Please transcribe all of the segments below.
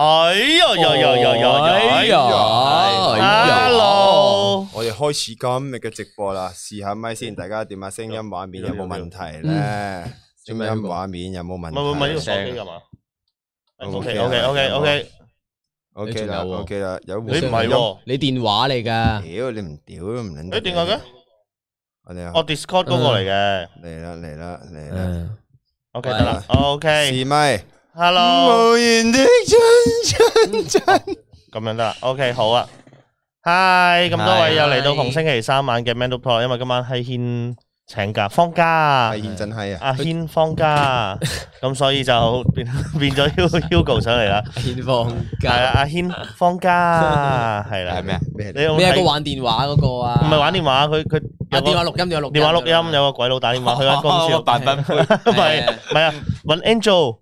哎呀呀呀呀呀呀！Hello，我哋開始今日嘅直播啦，試下麥先，大家點啊？聲音畫面有冇問題咧？聲音畫面有冇問題？唔唔唔，手機係嘛？OK OK OK OK OK 啦 OK 啦，有你唔係喎，你電話嚟噶？屌你唔屌都唔拎得，誒點解嘅？我 Discord 嗰個嚟嘅，嚟啦嚟啦嚟啦，OK 得啦，OK 試麥。Hello，無言的親親仔。咁樣得啦。OK，好啊。Hi，咁多位又嚟到逢星期三晚嘅《Man Talk》。因為今晚係軒請假放假啊，係認真係啊。阿軒放假，咁所以就變變咗 Hugo 上嚟啦。阿軒放假係啊，阿軒放假係啦。係咩啊？你你係嗰玩電話嗰個啊？唔係玩電話，佢佢電話錄音有錄電話錄音有個鬼佬打電話去公司，唔係唔係啊？搵 Angel。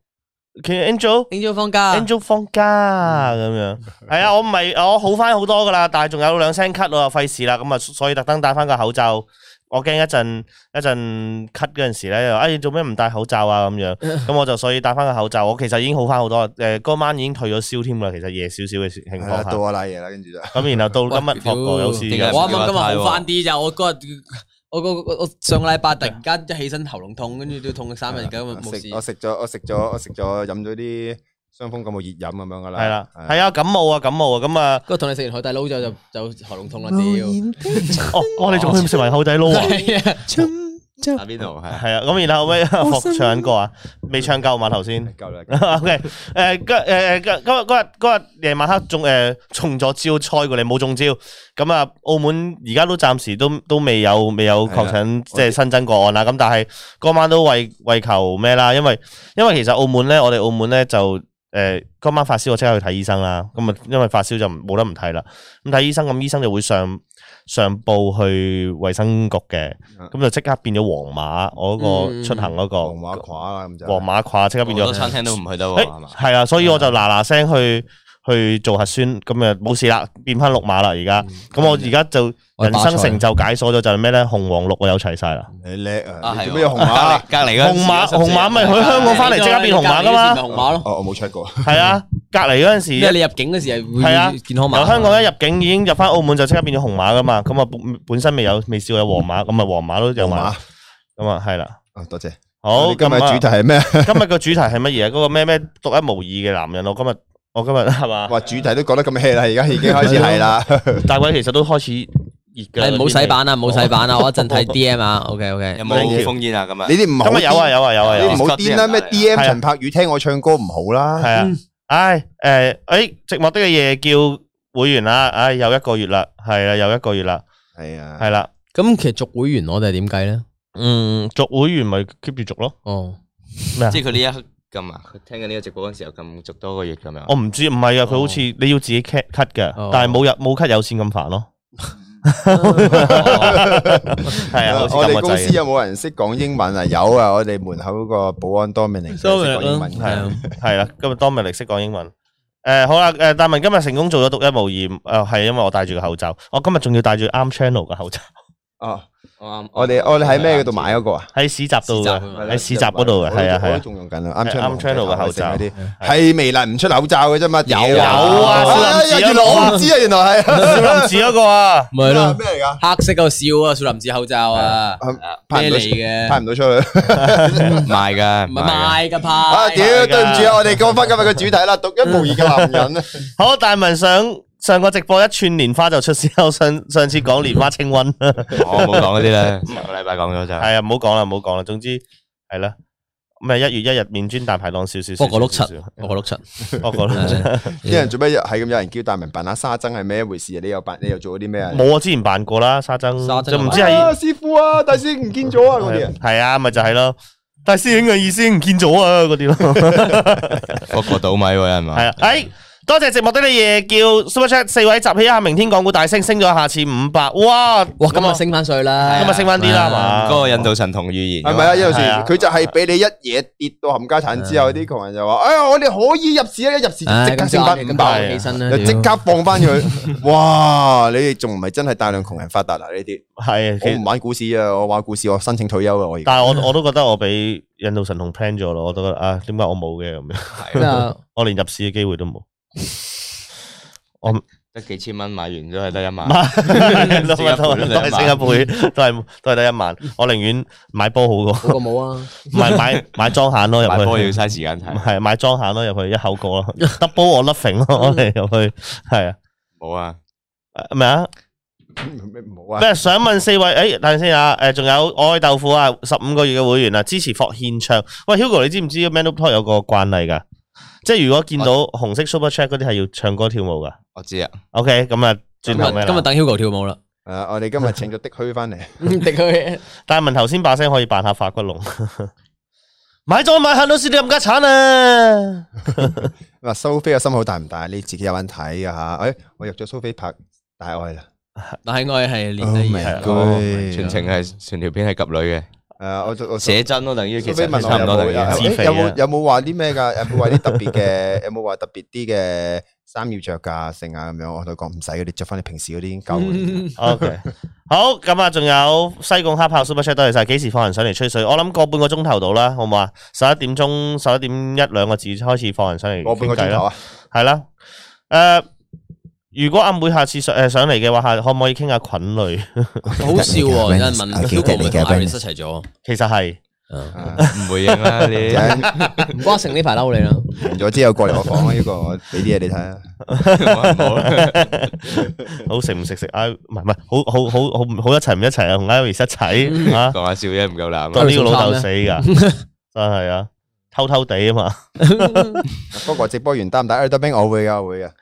Angel，Angel 放假，Angel 放假咁樣，係、哎、啊，我唔係我好翻好多噶啦，但係仲有兩聲咳，我又費事啦，咁啊，所以特登戴翻個口罩，我驚一陣一陣咳嗰陣時咧，又哎做咩唔戴口罩啊咁樣，咁 我就所以戴翻個口罩，我其實已經好翻好多，誒、呃、嗰晚已經退咗燒添啦，其實夜少少嘅情況下，到我瀨嘢啦，跟住就，咁然後到今日復課有事，我啱啱今日好翻啲就我日。我上個禮拜突然間一起身喉嚨痛，跟住都痛咗三日，而家，冇事。我食咗我食咗我食咗飲咗啲傷風感冒熱飲咁樣噶啦。係啦的，係的啊，感冒啊感冒啊，咁啊，跟住同你食完海底撈咗就就，就喉嚨痛啦主要。哦， 哦，你仲要食埋海底撈啊？ 呀 喺邊度係係啊，咁然後咪學唱歌啊，未唱夠嘛頭先。夠啦，OK，誒，嗰日日夜晚黑中誒中咗招彩過你，冇中招。咁啊，澳門而家都暫時都都未有未有確診，即係新增個案啦。咁、yeah, 但係嗰晚都為為求咩啦？因為因為其實澳門咧，我哋澳門咧就誒、哎、今晚發燒，我即刻去睇醫生啦。咁啊，因為發燒就冇得唔睇啦。咁睇醫生，咁、um, 醫生就會上。上報去衛生局嘅，咁就即刻變咗黃馬，嗯、我嗰個出行嗰、嗰個黃馬垮啦、啊，咁就即、是、刻變咗，餐廳都唔去得喎，係、欸、吧啊，所以我就嗱嗱聲去。去做核酸咁啊，冇事啦，變翻綠碼啦而家。咁我而家就人生成就解鎖咗就係咩咧？紅黃綠我有齊晒啦。你叻啊！做咩有紅碼啊？隔篱嘅。紅碼紅碼咪去香港翻嚟即刻變紅碼噶嘛？紅碼咯。我冇 check 過。係啊，隔篱嗰陣時，即係你入境嗰時係會健康香港一入境已經入翻澳門就即刻變咗紅碼噶嘛？咁啊，本身未有未試過有黃碼，咁啊黃碼都有。咁啊，係啦。啊，多謝。好，今日主題係咩？今日嘅主題係乜嘢？嗰個咩咩獨一無二嘅男人我今日。我今日係嘛？哇！主題都講得咁 hea 啦，而家已經開始係啦。但係其實都開始熱嘅。你唔好洗版啊，唔好洗版啊！我一陣睇 D M 啊。O K O K，有冇煙啊？咁啊，你哋唔好。今日有啊，有啊，有啊。你哋冇癲啦？咩 D M 陳柏宇聽我唱歌唔好啦？係啊。唉，誒，誒，寂寞的嘅嘢叫會員啦。唉，又一個月啦，係啊，又一個月啦。係啊，係啦。咁其實續會員我哋係點計咧？嗯，續會員咪 keep 住續咯。哦，咩啊？即係佢呢一刻。撳啊！佢聽緊呢個直播嗰陣時候咁續多個月咁樣我。我唔知唔係啊，佢、oh. 好似你要自己 cut cut 嘅，oh. 但係冇入冇 cut 有線咁煩咯。係啊，我哋公司有冇人識講英文啊？有啊，我哋門口個保安 Dominic 識講英文。係啊，係啦，今日 Dominic 識講英文。誒、oh. 哎，好啦，誒、呃，大文今日成功做咗獨一無二。誒、哎，係因為我戴住個口罩，我今日仲要戴住啱 Channel 嘅口罩。哦，我哋我哋喺咩嗰度買嗰個啊？喺市集度喺市集嗰度嘅，係啊，我啊，仲用緊啊，啱 channel 嘅口罩嗰啲，係微粒唔出口罩嘅啫嘛，有啊，少啊，原來我唔知啊，原來係少林寺嗰個啊，唔係咯，咩嚟噶？黑色嗰個笑啊，少林寺口罩啊，咩嚟嘅？拍唔到出去，賣噶，唔賣噶派，啊屌，對唔住啊，我哋講翻今日嘅主題啦，獨一無二噶啦，好，大文想。上個直播一串蓮花就出事，上上次講蓮花清瘟，我冇講嗰啲咧，上個禮拜講咗就係啊，唔好講啦，唔好講啦，總之係啦，咁啊一月一日面磚大排檔少少，博個六七，博個六七，博個六七，啲人做咩又係咁？有人叫大明辦下沙僧係咩回事？你又辦，你又做咗啲咩啊？冇啊，之前辦過啦，沙僧，沙僧就唔知係師傅啊，大師兄唔見咗啊，嗰啲啊，係啊，咪就係咯，大師兄嘅意思唔見咗啊，嗰啲咯，博個倒米喎，有人買，係啊，哎。多謝節目你，夜叫 Super Chat 四位集氣一下，明天港股大升，升咗下次五百，哇哇，咁啊升翻稅啦，咁啊升翻啲啦，係嘛？嗰個印度神童嘅預言係咪啊？有佢就係俾你一嘢跌到冚家鏟之後，啲窮人就話：，哎呀，我哋可以入市啦！一入市即刻升翻五百，起身啦，即刻放翻佢。哇！你哋仲唔係真係大量窮人發達嗱？呢啲係你唔玩股市啊！我玩股市，我申請退休啦！我但係我我都覺得我俾印度神童 plan 咗咯，我都覺得啊，點解我冇嘅咁樣？我連入市嘅機會都冇。我得幾千蚊買完咗，係得一萬，升一倍都係都係得一萬。我寧願買波好過，個冇啊，唔係買買莊閒咯入去，波要嘥時間睇，係買莊閒咯入去，一口過咯。double 我 loving 咯，入去係啊，冇啊，咩啊，咩冇啊？即係想問四位？誒，等先啊，誒，仲有愛豆腐啊，十五個月嘅會員啊，支持霍獻唱。喂，Hugo，你知唔知 manipul 有個慣例噶？即係如果見到紅色 Super Chat 嗰啲係要唱歌跳舞噶，我知啊。OK，咁啊，轉頭今日等 Hugo 跳舞啦。誒，我哋今日請咗的區翻嚟。的區，但係問頭先把聲可以扮下發骨龍。買咗買肯老師啲咁加鏟啊！話 蘇 菲嘅心好大唔大？你自己有眼睇啊。吓。誒，我入咗蘇菲拍大愛啦。大愛係 連第二場、oh、my 全程係全條片係夾女嘅。誒，我我寫真咯，等於其實差唔多，有冇有冇話啲咩噶？有冇話啲特別嘅？有冇話特別啲嘅衫要着噶？剩啊咁樣，我都講唔使，你着翻你平時嗰啲夠。O K，好，咁啊，仲有西貢黑豹 Super Chat，多謝晒，幾時放人上嚟吹水？我諗個半個鐘頭到啦，好唔好啊？十一點鐘，十一點一兩個字開始放人上嚟，個半個鐘頭啊，係啦，誒。如果阿妹下次上誒上嚟嘅話，可可唔可以傾下菌類？好笑啊！有人問，U K 同 Ivy 失齊咗，其實係唔回應啦。唔瓜城呢排嬲你啦，完咗之後過嚟我講啊，呢個俾啲嘢你睇啊。好食唔食食 I？唔係唔係好好好好好一齊唔一齊啊？同 Ivy 一齊啊？講下笑啫，唔夠膽。得呢個老豆死噶，真係啊！偷偷地啊嘛，不過直播員擔唔擔？阿德兵我會噶會噶，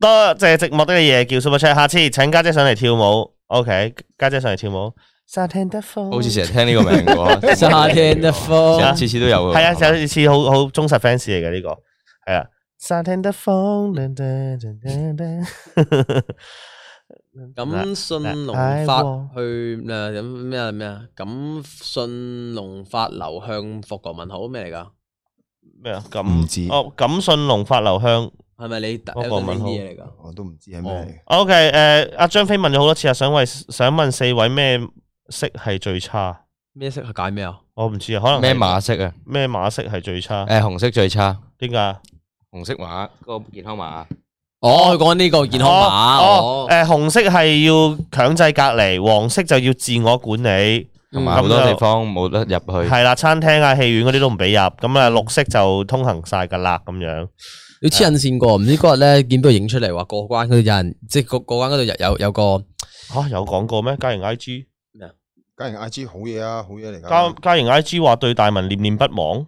多謝寂寞啲嘅嘢叫 Super Chat？下次請家姐上嚟跳舞，OK？家姐上嚟跳舞。沙天的風，好似成日聽呢個名嘅。沙天的風，次次都有嘅。係啊，就好好好忠實 fans 嚟嘅呢個，係啊。沙天的風，咁信龍發去咩啊咩啊？咁信龍發流向佛國問好咩嚟噶？咩啊？唔知哦。錦信龍發留香係咪你？特文康啲嘢嚟㗎？我都唔知係咩。OK，誒阿張飛問咗好多次啊，想問四位咩色係最差？咩色係解咩啊？我唔、哦、知啊，可能咩馬色啊？咩馬色係最差？誒、呃、紅色最差。點解啊？紅色碼個健康碼。哦，佢講呢個健康碼。哦，誒紅色係要強制隔離，黃色就要自我管理。好多地方冇得入去，係啦，餐廳啊、戲院嗰啲都唔俾入。咁啊，綠色就通行晒噶啦，咁樣。你黐銀線過，唔知今日咧見到影出嚟話過關嗰啲人，即係過過關嗰度有有有個吓有講過咩？嘉瑩 I G 嘉瑩 I G 好嘢啊，好嘢嚟噶。嘉嘉瑩 I G 話對大文念念不忘。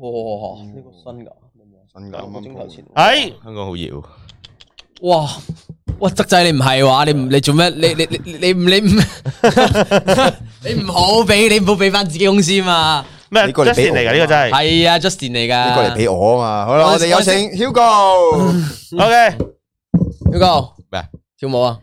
哇！呢個新噶，新噶，蒸頭前。哎，香港好熱。哇！我侄仔你唔係話你唔你做咩？你你你你唔你唔你唔好俾你唔好俾翻自己公司嘛？咩？你過嚟俾你噶呢個真係係啊 Justin 嚟噶，你過嚟俾我啊嘛！好啦，我哋有請 Hugo，OK，Hugo，咩？跳舞啊！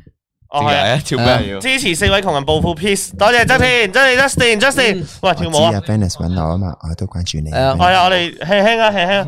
哦係啊，跳咩？支持四位窮人暴富，Peace，多謝 Justin，Justin，Justin，喂，跳舞啊！支持啊，Bennis 搵我啊嘛，我哋都關注你。誒，係啊，我哋輕輕啊，輕輕。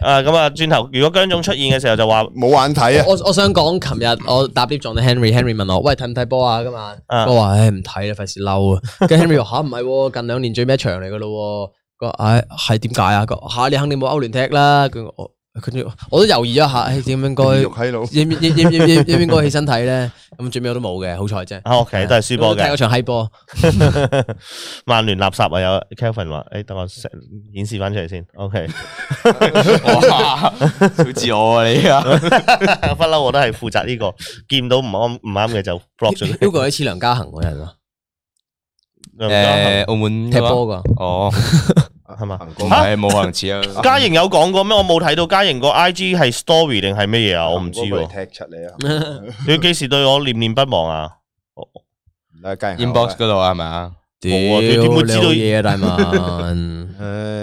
唉啊，咁啊，轉頭如果姜總出現嘅時候就話冇眼睇啊，我我想講，琴日我搭 lift 撞到 Henry，Henry 問我喂睇唔睇波啊今晚，我話唉唔睇啦，費事嬲啊，跟住 Henry 話吓唔係，近兩年最尾場嚟噶咯，佢話唉係點解啊，話吓、哎啊啊、你肯定冇歐聯踢啦，佢我。我都猶豫一下，點應該 應該應該應該應應應該起身睇咧？咁最尾我 okay, 都冇嘅，好彩啫。O K，都係輸波嘅。睇嗰場閪波，曼聯垃圾啊！有 Kevin 話：，誒、欸，等我成演示翻出嚟先。O、okay. K， 好自我啊你啊，不 嬲 我，我都係負責呢、這個，見到唔安唔啱唔啱嘅就 block 住。Hugo 梁家恒嗰人咯。誒、呃，澳門踢波噶。哦.。 係咪？吓，冇行字啊！嘉瑩有講過咩？我冇睇到嘉瑩個 I G 係 Story 定係咩嘢啊？我唔知喎。踢出嚟啊！你幾時對我念念不忘啊？inbox 唔嘉嗰度係咪？啊。你點會知道嘢大嘛？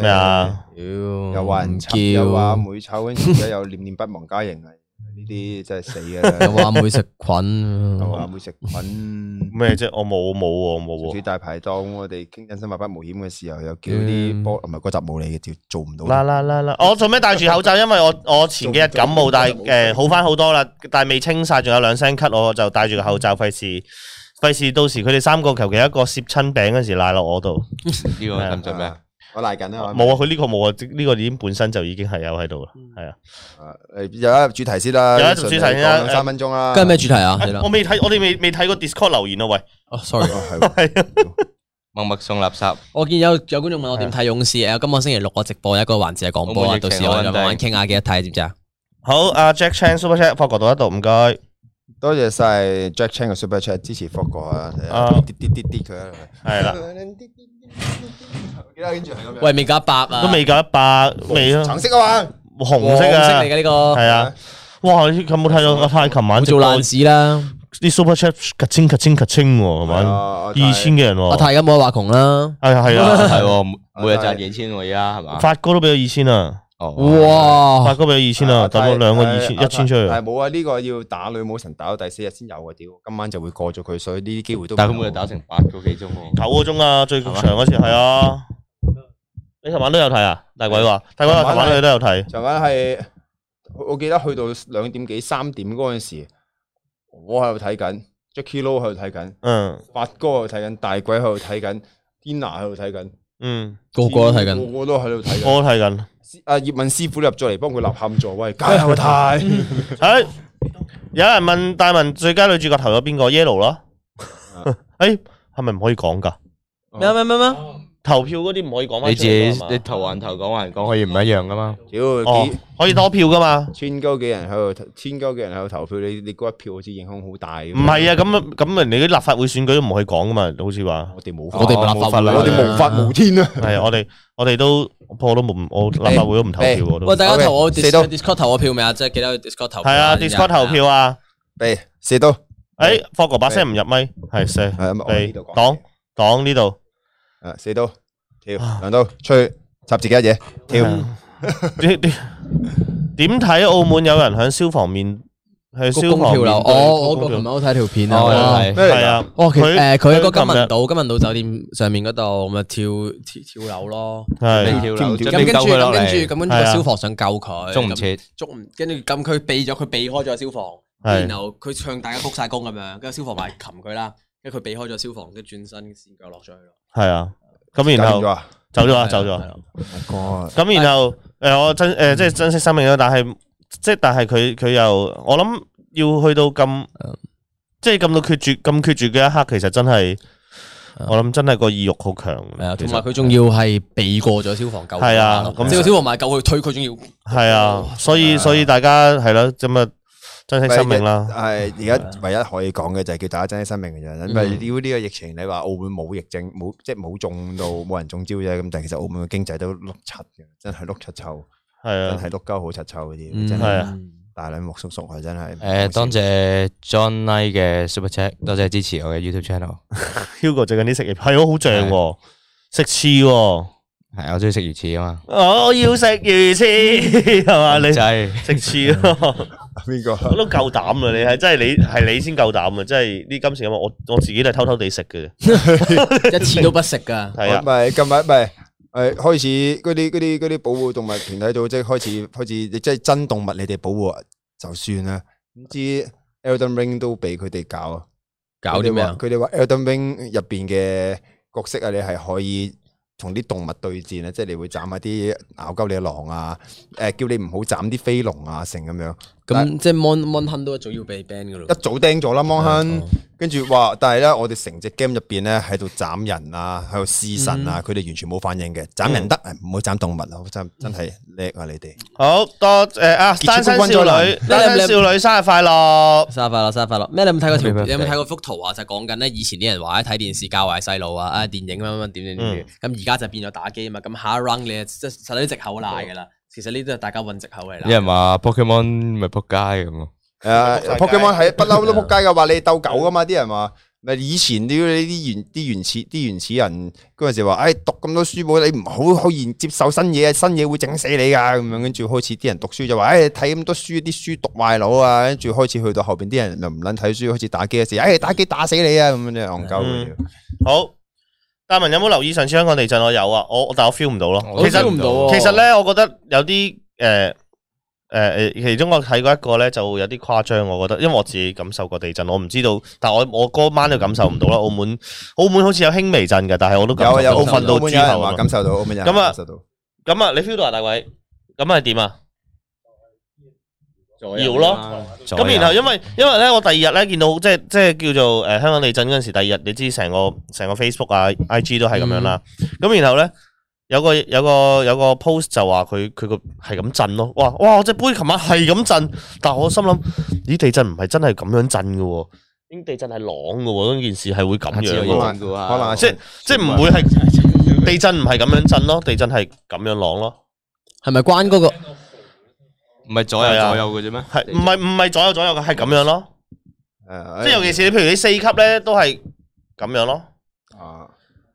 咩啊？屌，又話人醜，又話阿妹醜，而家又念念不忘嘉瑩啊！呢啲真係死嘅啦， 又話唔會食、啊、食菌，又話唔會食菌，咩啫？我冇冇喎，冇喎。住大排檔，我哋傾緊新八八冒險嘅時候，又叫啲波，唔係嗰集冇你嘅，做做唔到。啦啦啦啦，我做咩戴住口罩？ 因為我我前幾日感冒，但係誒好翻好多啦，但係、呃、未清晒，仲有兩聲咳，我就戴住個口罩，費事費事到時佢哋三個求其一個攝親餅嗰時賴落我度。呢個係咁做咩啊？ 我嚟緊啊！冇啊，佢呢個冇啊，呢個已經本身就已經係有喺度啦。係啊，有一主題先啦，有一主題先啊，三分鐘啦。跟咩主題啊？我未睇，我哋未未睇過 Discord 留言啊！喂，哦，sorry，係，默默送垃圾。我見有有觀眾問我點睇勇士啊？今個星期六我直播一個環節係講波，啊，到時我哋慢慢傾下，記得睇，知唔知啊？好，阿 Jack Chan，Super Chat，覆蓋到一度，唔該，多謝晒 Jack Chan 嘅 Super Chat 支持覆蓋啊！啊，滴滴滴滴佢係啦。喂，未夠一百啊，都未夠一百，未啊，橙色啊嘛，紅色啊，紅色嚟嘅呢個，係啊，哇，有冇睇到阿太琴晚做爛市啦？啲 super chat 咳清咳清咳清，係咪，二千嘅人，阿太而家冇得話窮啦，係啊係啊係，每日賺二千可以啊係嘛，發哥都俾咗二千啊，哇，發哥俾咗二千啊，大概兩個二千，一千出去！係冇啊，呢個要打女武神打到第四日先有啊！屌！今晚就會過咗佢，所以呢啲機會都，但係佢每日打成八個幾鐘，九個鐘啊，最長嗰時係啊。你尋晚都有睇啊？大鬼話，大鬼話，尋晚你都有睇。尋晚係，我記得去到兩點幾、三點嗰陣時，我喺度睇緊，Jacky Low 喺度睇緊，嗯，發哥喺度睇緊，大鬼喺度睇緊，Dina 喺度睇緊，嗯，個個都睇緊，個個都喺度睇緊，我睇緊。阿葉問師傅入咗嚟幫佢立喊助威，梗係太。係、 哎，有人問大文最佳女主角投咗邊個？Yellow 啦。誒、 哎，係咪唔可以講噶？咩咩咩咩？啊投票嗰啲唔可以講翻，你自己你投還投講還講可以唔一樣噶嘛？妖，可以多票噶嘛？千高幾人喺度投，千高幾人喺度投票，你你嗰一票好似影響好大。唔係啊，咁啊，咁啊，人哋啲立法會選舉都唔可以講噶嘛？好似話我哋冇，我哋冇法啦，我哋無法無天啦。係我哋，我哋都我都冇，我立法會都唔投票。喂，大家投我 Discord 投我票未啊？即係記得 Discord 投。係啊，Discord 投票啊！四刀。誒，Fogo 把聲唔入咪，係四，係啊，我呢度講，擋擋呢度。誒，四刀跳兩刀出去插自己一嘢跳。點點點睇澳門有人喺消防面，喺消防跳樓？我我琴日，我睇條片啦，係係啊。哦，佢誒，佢喺個金銀島金銀島酒店上面嗰度咪跳跳跳樓咯，跳樓。咁跟住咁跟住咁樣個消防想救佢，捉唔切，捉唔跟住咁佢避咗，佢避開咗消防，然後佢向大家鞠晒躬咁樣，跟住消防咪擒佢啦。因為佢避開咗消防，即係轉身先咁落咗去咯。係啊，咁然後走咗啊，走咗。咁然後誒，我珍誒，即係珍惜生命啦。但係即係，但係佢佢又，我諗要去到咁，即係咁到決絕咁決絕嘅一刻，其實真係我諗真係個意欲好強。同埋佢仲要係避過咗消防救。係啊，咁即係消防員救佢推佢，仲要係啊。所以所以大家係啦，咁啊。珍惜生命啦，係而家唯一可以講嘅就係叫大家珍惜生命嘅人。因為如果呢個疫情你話澳門冇疫症，冇即係冇中到冇人中招啫，咁但係其實澳門嘅經濟都碌柒嘅，真係碌柒臭，係啊，真係碌鳩好柒臭嗰啲，係啊，大卵木叔叔啊，真係。誒，多謝 John Lai 嘅 Super Chat，多謝支持我嘅 YouTube Channel。Hugo 最近啲食魚翅係我好正，食翅，係我锺意食魚翅啊嘛。我要食魚翅，係嘛？你食翅。邊個、啊？我都夠膽啊，你係真係你係你先夠膽啊！真係呢今次啊！我我自己都係偷偷哋食嘅， 一次都不食噶。係啊，咪今日咪誒開始嗰啲啲啲保護動物團體組織即係開始開始，即係真動物你哋保護就算啦。點知《Elden Ring》都俾佢哋搞，啊？搞啲咩？佢哋話《Elden Ring》入邊嘅角色啊，你係可以同啲動物對戰啊，即係你會斬下啲咬鳩你嘅狼啊，誒、呃、叫你唔好斬啲飛龍啊，成咁樣。咁即係 mon mon 亨都一早要被 ban 噶啦，一早釘咗啦 mon 亨，跟住話，但係咧我哋成隻 game 入邊咧喺度斬人啊，喺度弑神啊，佢哋完全冇反應嘅，斬人得，唔好斬動物啊，真真係叻啊你哋。好多誒啊，單身少女，單身少女生日快樂，生日快樂，生日快樂。咩你有冇睇過條片？有冇睇過幅圖啊？就講緊咧以前啲人話睇電視教壞細路啊，啊電影乜乜乜點點點，咁而家就變咗打機啊嘛，咁下一 round 你即係實啲直口瀨噶啦。其實呢啲都係大家揾藉口嚟啦。啲人話 Pokemon 咪撲街咁咯。誒、啊、，Pokemon 係不嬲都撲街嘅話， 你鬥狗㗎嘛？啲人話咪以前你啲原啲原始啲原始人嗰陣時話，誒、哎、讀咁多書冇，你唔好好接接受新嘢新嘢會整死你㗎咁樣。跟住開始啲人讀書就話，誒，睇咁多書，啲書讀壞腦啊。跟住開始去到後邊啲人又唔撚睇書，開始打機嘅時，哎，打機打死你啊咁樣，戇鳩嘅。嗯、好。大文有冇留意上次香港地震？我有啊，我但我 feel 唔到咯。其實 feel 唔到其實咧，我覺得有啲誒誒誒，其中我睇過一個咧，就有啲誇張。我覺得，因為我自己感受過地震，我唔知道。但係我我嗰晚就感受唔到啦。澳門澳門好似有輕微震嘅，但係我都有有澳門居民話感受到。澳門有感受到。咁啊，你 feel 到啊，大偉？咁係點啊？要咯，咁然後因為因為咧，我第二日咧見到即係即係叫做誒香港地震嗰陣時，第二日你知成個成個 Facebook 啊、IG 都係咁樣啦。咁然後咧有個有個有個 post 就話佢佢個係咁震咯，哇哇我隻杯琴晚係咁震，但係我心諗咦，地震唔係真係咁樣震噶喎，地震係啷噶喎，嗰件事係會咁樣嘅，可能即係即係唔會係地震唔係咁樣震咯，地震係咁樣啷咯，係咪關嗰個？唔係左右左右嘅啫咩？係唔係唔係左右左右嘅係咁樣咯。誒，即係尤其是你，譬如你四級咧，都係咁樣咯。啊，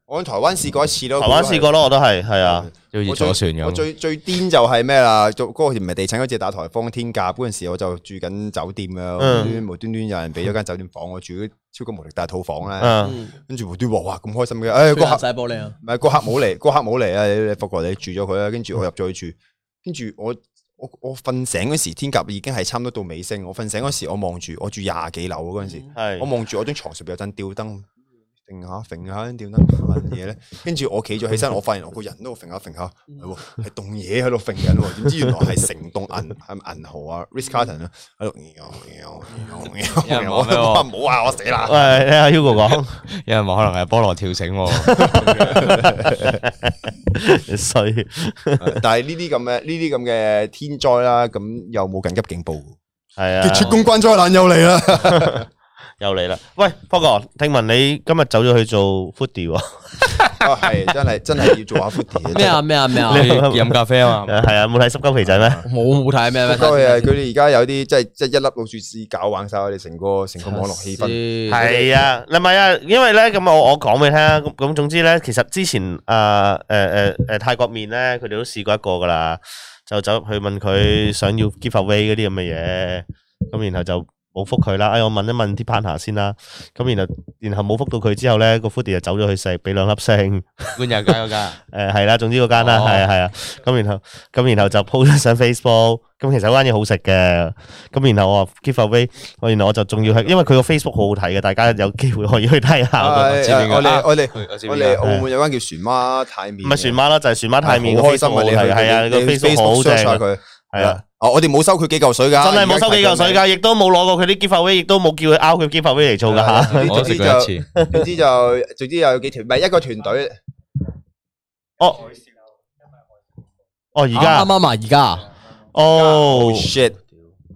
我喺台灣試過一次咯，台灣試過咯，我都係係啊，要坐船咁。最最癲就係咩啦？做嗰陣時唔係地產嗰隻打台風天價嗰陣時，我就住緊酒店啊，無端端有人俾咗間酒店房我住，超級無敵大套房咧。跟住無端端哇咁開心嘅，誒個客晒玻璃啊，唔係個客冇嚟，個客冇嚟啊，你發覺你住咗佢啊，跟住我入咗去住，跟住我。我我瞓醒嗰時，天鴿已經係差唔多到尾聲。我瞓醒嗰時，我望住我住廿幾樓嗰陣時，我望住我張床上面有盞吊燈。揈下揈下點咧？問嘢咧，跟住 我企咗起身，我發現我個人都揈下揈下，係喎，係凍嘢喺度揈嘅喎。點知，知原來係成棟銀銀號啊，Ritz-Carlton 啊，喺度。唔好話我死啦。阿 Hugo 講，有人話可能係菠蘿跳繩你衰，但係呢啲咁嘅呢啲咁嘅天災啦，咁又冇緊急警報？係啊，結束公關災難又嚟啦。又嚟啦！喂，波哥，聽聞你今日走咗去做 foodie 喎？哦，係，真係真係要做下 foodie。咩啊咩啊咩啊！飲咖啡啊？誒，係啊，冇睇濕鳩皮仔咩？冇冇睇咩？多謝佢哋而家有啲即係即係一粒老鼠屎搞玩晒我哋成個成個網絡氣氛。係啊，你咪啊，因為咧，咁我我講俾你聽啊，咁總之咧，其實之前誒誒誒誒泰國麵咧，佢哋都試過一個噶啦，就走入去問佢想要 give away 嗰啲咁嘅嘢，咁然後就。冇覆佢啦，哎，我問一問啲 partner 先啦。咁然後，然後冇覆到佢之後咧，個 Foodie 就走咗去食，俾兩粒星。半日噶嗰間。誒，係啦，總之嗰間啦，係啊，係啊。咁然後，咁然後就 po 咗上 Facebook。咁其實嗰間嘢好食嘅。咁然後我話 give away，我然後我就仲要係，因為佢個 Facebook 好好睇嘅，大家有機會可以去睇下。我哋我哋我哋澳門有間叫船媽泰麪。唔係船媽啦，就係船媽泰麪。好開心啊！你係啊，個 Facebook 好正。係啊，我哋冇收佢幾嚿水噶，真係冇收幾嚿水噶，亦都冇攞過佢啲 giveaway 亦都冇叫佢拗佢 giveaway 嚟做噶吓。總之就，總之就，總之就有幾團，唔係一個團隊。哦，哦而家，啱啱啊，而家啊，在哦。Oh shit.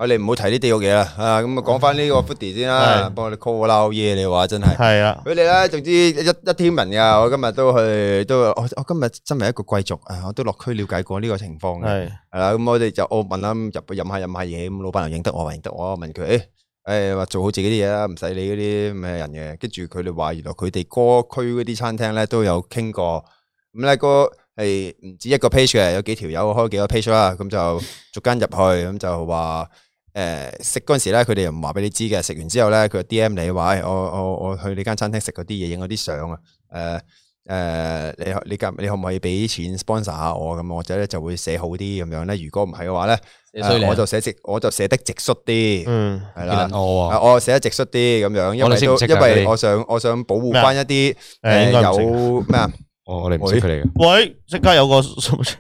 你唔好提呢啲嘢啦，啊咁啊講翻呢個 footy 先啦，幫我哋 call 撈嘢你話真係，係啊，佢哋咧，總之一一天文噶，我今日都去，都我我今日真係一個貴族啊，我都落區了解過呢個情況嘅，係，誒咁我哋就我問啊入去飲下飲下嘢，咁老闆又認得我，話認得我，問佢誒誒話做好自己啲嘢啦，唔使理嗰啲咩人嘅，跟住佢哋話原來佢哋哥區嗰啲餐廳咧都有傾過，咁咧哥係唔止一個 page 嘅，有幾條友開幾個 page 啦，咁就逐間入去，咁就話。誒，食嗰陣時咧，佢哋又唔話俾你知嘅。食完之後咧，佢 DM 你話，我我我去呢間餐廳食嗰啲嘢，影嗰啲相啊。誒、呃、誒、呃，你你夾你可唔可以俾錢 sponsor 下我？咁或者咧就會寫好啲咁樣咧。如果唔係嘅話咧、啊呃，我就寫直，我就寫得直率啲。嗯，係啦的、啊呃，我我寫得直率啲咁樣，因為知知因為我想我想保護翻一啲誒有咩啊？哦，我哋唔知佢嚟嘅。喂，即刻有個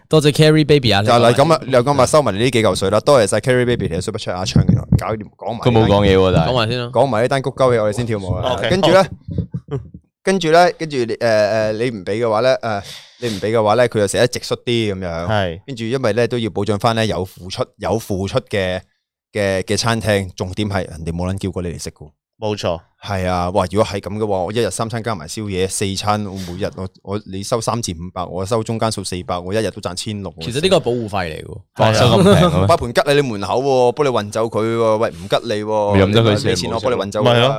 多謝 Carrie Baby 啊！就係咁啊，兩公婆收埋你呢幾嚿水啦。多謝晒 Carrie Baby，其實說不出阿昌，其實搞掂講埋。佢冇講嘢喎，但係講埋先啦。講埋呢單谷鳩嘢，我哋先跳舞啊。跟住咧，跟住咧，跟住你誒誒，你唔俾嘅話咧，誒，你唔俾嘅話咧，佢又成日直率啲咁樣。係。跟住，因為咧都要保障翻咧有付出有付出嘅嘅嘅餐廳，重點係人哋冇撚叫過你嚟食。冇錯，係啊，哇！如果係咁嘅話，我一日三餐加埋宵夜四餐我，我每日我我你收三至五百，我收中間數四百，我一日都賺千六。其實呢個係保護費嚟嘅，收咁平，八盤吉你你門口，幫你運走佢，喂唔吉你、啊，唔得佢錢，俾錢我幫你運走啦，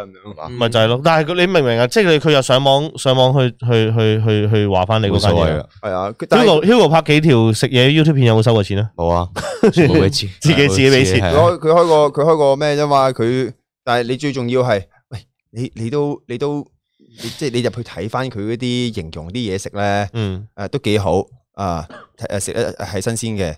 咪就係咯。嗯、但係你明唔明啊？即係佢又上網上網去去去去去話翻你嗰份嘢。係啊，Hugo Hugo 拍幾條食嘢 YouTube 片有冇收過錢啊？冇啊，冇錢，自己自己俾錢。佢 開佢開個佢開個咩啫嘛？佢。但係你最重要係，喂，你你都你都，即係你入、就是、去睇翻佢嗰啲形容啲嘢食咧，誒、嗯呃，都幾好啊，食得、呃、係新鮮嘅，誒、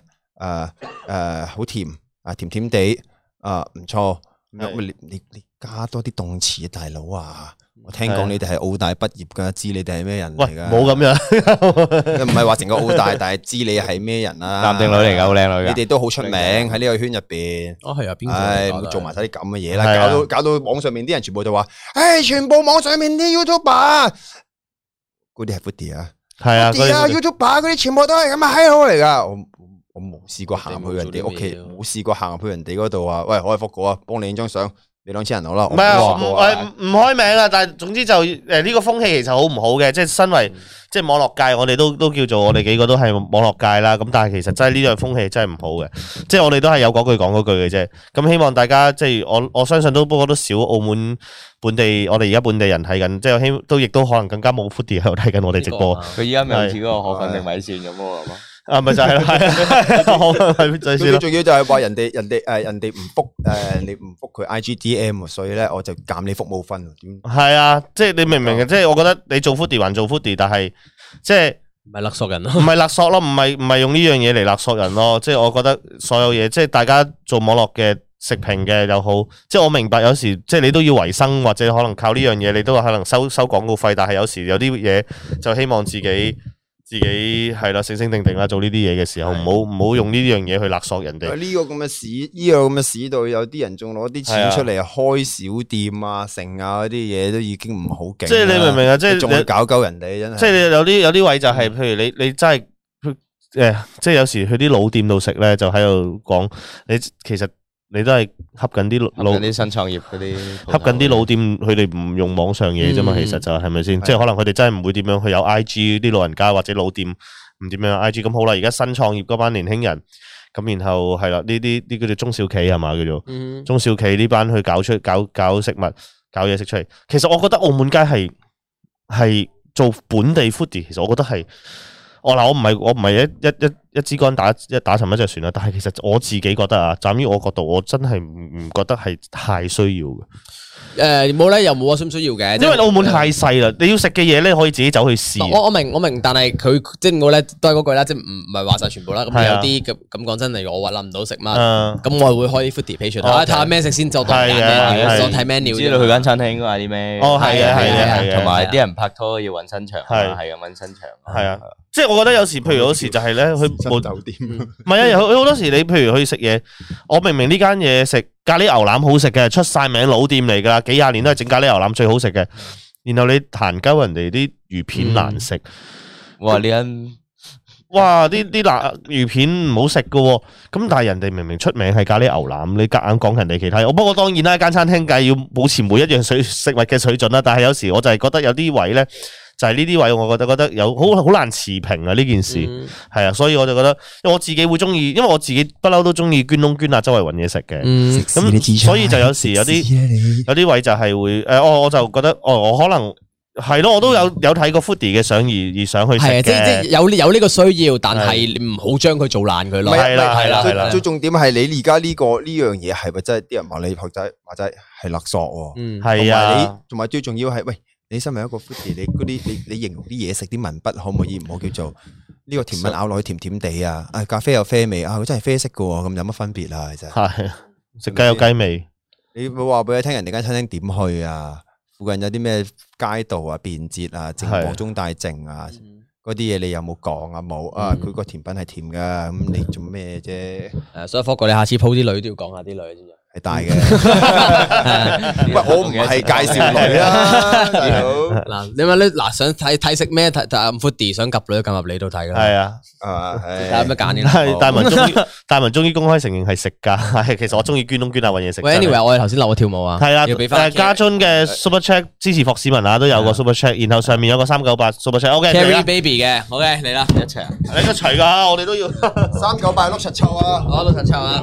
呃、誒，好、呃、甜啊，甜甜地，啊、呃，唔錯，的你你你加多啲動詞、啊，大佬啊！我聽講你哋係澳大畢業噶，知你哋係咩人嚟噶？冇咁樣，唔係話成個澳大，但係知你係咩人啊？男定女嚟噶？好靚女噶？你哋都好出名喺呢個圈入邊。哦，係啊，邊個？唔會做埋晒啲咁嘅嘢啦，搞到搞到網上面啲人全部就話：，誒，全部網上面啲 YouTuber 嗰啲係 Foodie 啊，係啊，YouTuber 嗰啲全部都係咁嘅閪佬嚟噶。我我冇試過行去人哋屋企，冇試過行去人哋度啊。喂，我係福哥啊，幫你影張相。你兩千人好啦，唔係唔唔開名啊！但係總之就誒呢、呃這個風氣其實好唔好嘅，即係身為即係網絡界，我哋都都叫做我哋幾個都係網絡界啦。咁但係其實真係呢樣風氣真係唔好嘅， 即係我哋都係有嗰句講嗰句嘅啫。咁希望大家即係我我相信都不過都少澳門本地我哋而家本地人睇緊，即係希都亦都可能更加冇 f o o t 喺度睇緊我哋直播。佢而家咪好似嗰個河粉定米線咁咯。 啊，咪就係咯，咁樣最衰。仲要就係話人哋人哋誒，人哋唔覆誒，你唔覆佢 IGDM，所以咧我就減你服務分。點？係啊，即係你明唔明啊？ 即係我覺得你做 Foodie 還做 Foodie，但係即係唔係勒索人咯？唔係勒索咯？唔係唔係用呢樣嘢嚟勒索人咯？ 即係我覺得所有嘢，即係大家做網絡嘅食評嘅又好，即係我明白有時即係你都要維生，或者可能靠呢樣嘢，你都可能收收廣告費。但係有時有啲嘢就希望自己。 自己係啦，醒醒定定啦，做呢啲嘢嘅時候，唔好唔好用呢樣嘢去勒索人哋。呢個咁嘅市，呢、這個咁嘅市度，有啲人仲攞啲錢出嚟開小店啊、成啊嗰啲嘢，都已經唔好勁。即係你明唔明啊？要搞搞即係仲去搞鳩人哋，真係。即係你有啲有啲位就係、是，譬如你你真係誒，即係有時去啲老店度食咧，就喺度講你其實。你都係恰緊啲老啲新創業嗰啲，恰緊啲老店，佢哋唔用網上嘢啫嘛，其實就係咪先？是是是的 即係可能佢哋真係唔會點樣去有 I G 啲老人家或者老店唔點樣有 I G，咁好啦，而家新創業嗰班年輕人，咁然後係啦，呢啲呢叫做中小企係嘛叫做，中小企呢班去搞出搞搞食物搞嘢食出嚟。其實我覺得澳門街係係做本地 food 嘅，其實我覺得係。我嗱，我唔係我唔係一一一一支竿打一打沉一隻船啦。但係其實我自己覺得啊，站於我角度，我真係唔唔覺得係太需要嘅。誒冇咧，又冇啊，需唔需要嘅？因為澳門太細啦，你要食嘅嘢咧可以自己走去試。我我明我明，但係佢即我咧都係嗰句啦，即唔唔係話晒全部啦。咁有啲咁咁講真嚟，我揾諗唔到食乜，咁我會開啲 food picture 睇下咩食先，就當眼睇。我睇 menu。知道去間餐廳啊啲咩？哦，係嘅，同埋啲人拍拖要揾新場，係係新場。係啊。即係我覺得有時，譬如有時就係、是、咧去部酒店，唔係啊！有好多時你譬如去食嘢， 我明明呢間嘢食咖喱牛腩好食嘅，出晒名老店嚟㗎，幾廿年都係整咖喱牛腩最好食嘅。然後你彈鳩人哋啲魚片難食，我話你啱，哇！呢啲辣魚片唔好食嘅喎，咁但係人哋明明出名係咖喱牛腩，你夾硬講人哋其他嘢。 我不過當然啦，間餐廳梗係要保持每一樣水食物嘅水準啦。但係有時我就係覺得有啲位咧。但係呢啲位，我覺得覺得有好好難持平啊！呢件事係啊，所以我就覺得，因為我自己會中意，因為我自己不嬲都中意捐窿捐啊，周圍揾嘢食嘅。咁所以就有時有啲有啲位就係會誒，我我就覺得，哦，我可能係咯、啊，我都有有睇過 Foodie 嘅相而而想去食、啊、有有呢個需要，但係是、啊、你唔好將佢做爛佢咯。係係啦，最重點係你而家呢個呢樣嘢係咪真係啲人話你學仔或者係勒索喎？嗯是、啊你，係啊，同埋最重要係喂。你身為一個 foodie，你嗰啲你你形容啲嘢食啲文筆可唔可以唔好叫做呢個甜品咬落去甜甜地啊？啊咖啡有啡味啊，佢真係啡色噶喎，咁有乜分別啊？係啫，食雞有雞味，你冇話俾佢聽，人哋間餐廳點去啊？附近有啲咩街道啊、便捷啊、靜博中帶靜啊，嗰啲嘢你有冇講啊？冇啊，佢個甜品係甜嘅，咁你做咩啫？誒，所以福哥你下次鋪啲女都要講下啲女，知唔知啊？係大嘅，唔係唔係介紹女啊。你好，嗱，你問你嗱，想睇睇食咩？但阿富迪想夾女，夾入你度睇噶。係啊，啊，係有咩揀嘅。係大文終於，大文終於公開承認係食噶。其實我中意捐窿捐罅搵嘢食。Anyway，我哋頭先留佢跳舞啊。係啊，要俾翻。誒，樽嘅 Super Check 支持霍市民啊，都有個 Super Check，然後上面有個三九八 Super Check。OK，Carry Baby 嘅，OK，你啦一齊啊，你一齊噶，我哋都要三九八碌柒臭啊，攞碌柒臭啊！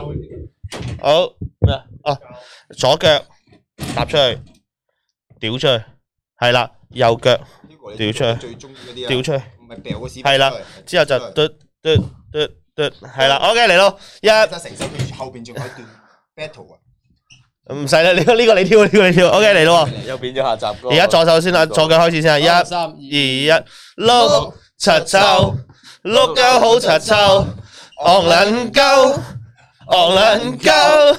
好咩啊？左腳踏出去，屌出去，係啦。右腳屌出去，屌出去，唔係病嗰時係啦。之後就嘟嘟嘟嘟，係啦。OK，嚟咯，一成身，後邊仲有一段 battle 啊。唔使啦，呢個呢個你跳，跳你跳。OK，嚟咯。右邊咗下集。而家左手先啦，左腳開始先啦。一三二一，碌柒臭碌鳩好柒臭戇卵鳩。我能夠，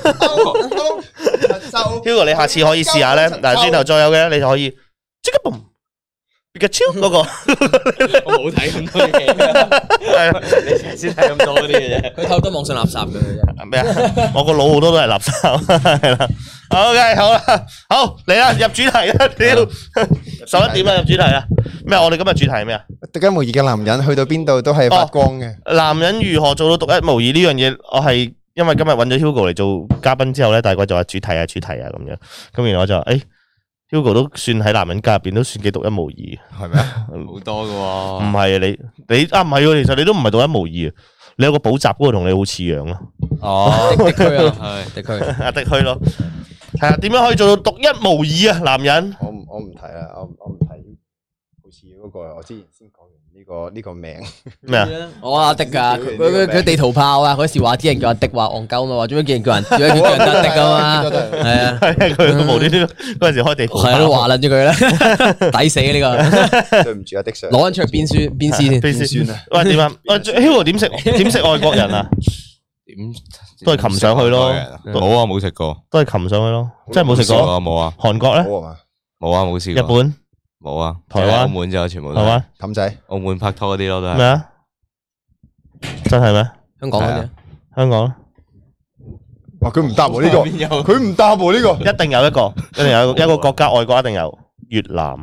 能夠就。Hugo，你下次可以試下咧。但係轉頭再有嘅，你就可以。即刻嘣，m 一個超嗰個。我冇睇咁多嘢。係啊，你先睇咁多嗰啲嘢，啫。佢睇好多網上垃圾嘅啫。咩啊？我個腦好多都係垃圾，係啦。OK，好啦，好嚟啦，入主題啦，屌，十一點啦，入主題啊。咩啊？我哋今日主題係咩啊？獨一無二嘅男人，去到邊度都係發光嘅。男人如何做到獨一無二呢樣嘢？我係。因為今日揾咗 Hugo 嚟做嘉賓之後咧，大概就話主題啊主題啊咁樣，咁然後我就誒、欸、，Hugo 都算喺男人家入邊都算幾獨一無二，係咪好多噶、啊，唔係你你啊唔係，其實你都唔係獨一無二，你有個補習嗰個同你好似樣咯。哦，的確係的確，阿的確咯，係啊，點樣可以做到獨一無二啊？男人，我唔我唔睇啦，我我嗰個我之前先講完呢個呢個名咩啊？我阿迪噶，佢佢佢地圖炮啊！嗰時話啲人叫阿迪話戇鳩啊嘛，做咩叫人叫人叫人得迪噶嘛？係啊，佢都無端端嗰陣時開地圖炮都話捻住佢啦，抵死呢個對唔住阿迪上攞翻出邊書邊書先邊喂點啊？喂，Hugo 點食點食外國人啊？點都係擒上去咯，冇啊冇食過，都係擒上去咯，真係冇食過冇啊！韓國咧冇啊冇食過，日本。冇啊，台灣、澳門就全部，台灣，冚仔，澳門拍拖嗰啲咯都係。咩啊？真係咩？香港啲，香港。哇！佢唔搭喎呢個，佢唔搭喎呢個，一定有一個，一定有一個國家外國一定有越南。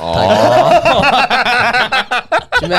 哦。咩？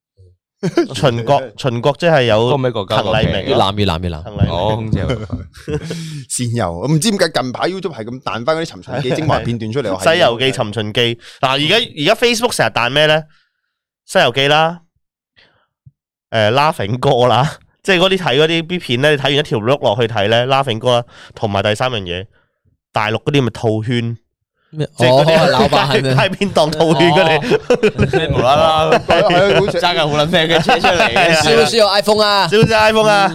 秦國，秦國即係有彭麗明越難越難越難，哦，線游，唔 知點解近排 YouTube 係咁彈翻嗰啲尋秦記精華片段出嚟， 西遊記尋秦記，嗱而家而家 Facebook 成日彈咩咧？西遊記啦，誒 Laughing 哥啦，即係啲睇啲 B 片咧，你睇完一條碌落去睇咧，Laughing 哥啦，同埋第三樣嘢，大陸嗰啲咪套圈。即係啲老闆喺街邊當套圈嗰啲、 哦，你無啦啦揸架好撚靚嘅車出嚟，需唔需 iPhone 啊？需唔需 iPhone 啊？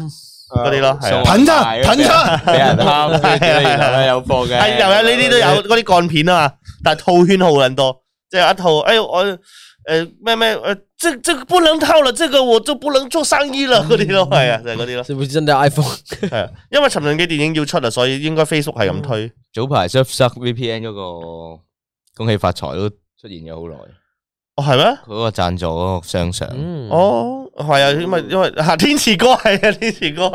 嗰啲、嗯、咯，品差，品差車，係啊係啊，人人人人有貨嘅，係又有呢啲都有，嗰啲干片啊嘛，但係套圈好撚多，即、就、係、是、一套，哎我。誒咩咩誒，這這不能偷了，即個我就不能做生意了嗰啲咯，係啊，就係嗰啲咯。是不是真係 iPhone？係，因為陳龍嘅電影要出啦，所以應該 Facebook 係咁推。早排 Surfshark VPN 嗰個恭喜發財都出現咗好耐。哦係咩？嗰個贊助嗰個商場。哦，係啊，因為因為吓天池哥係啊天池哥。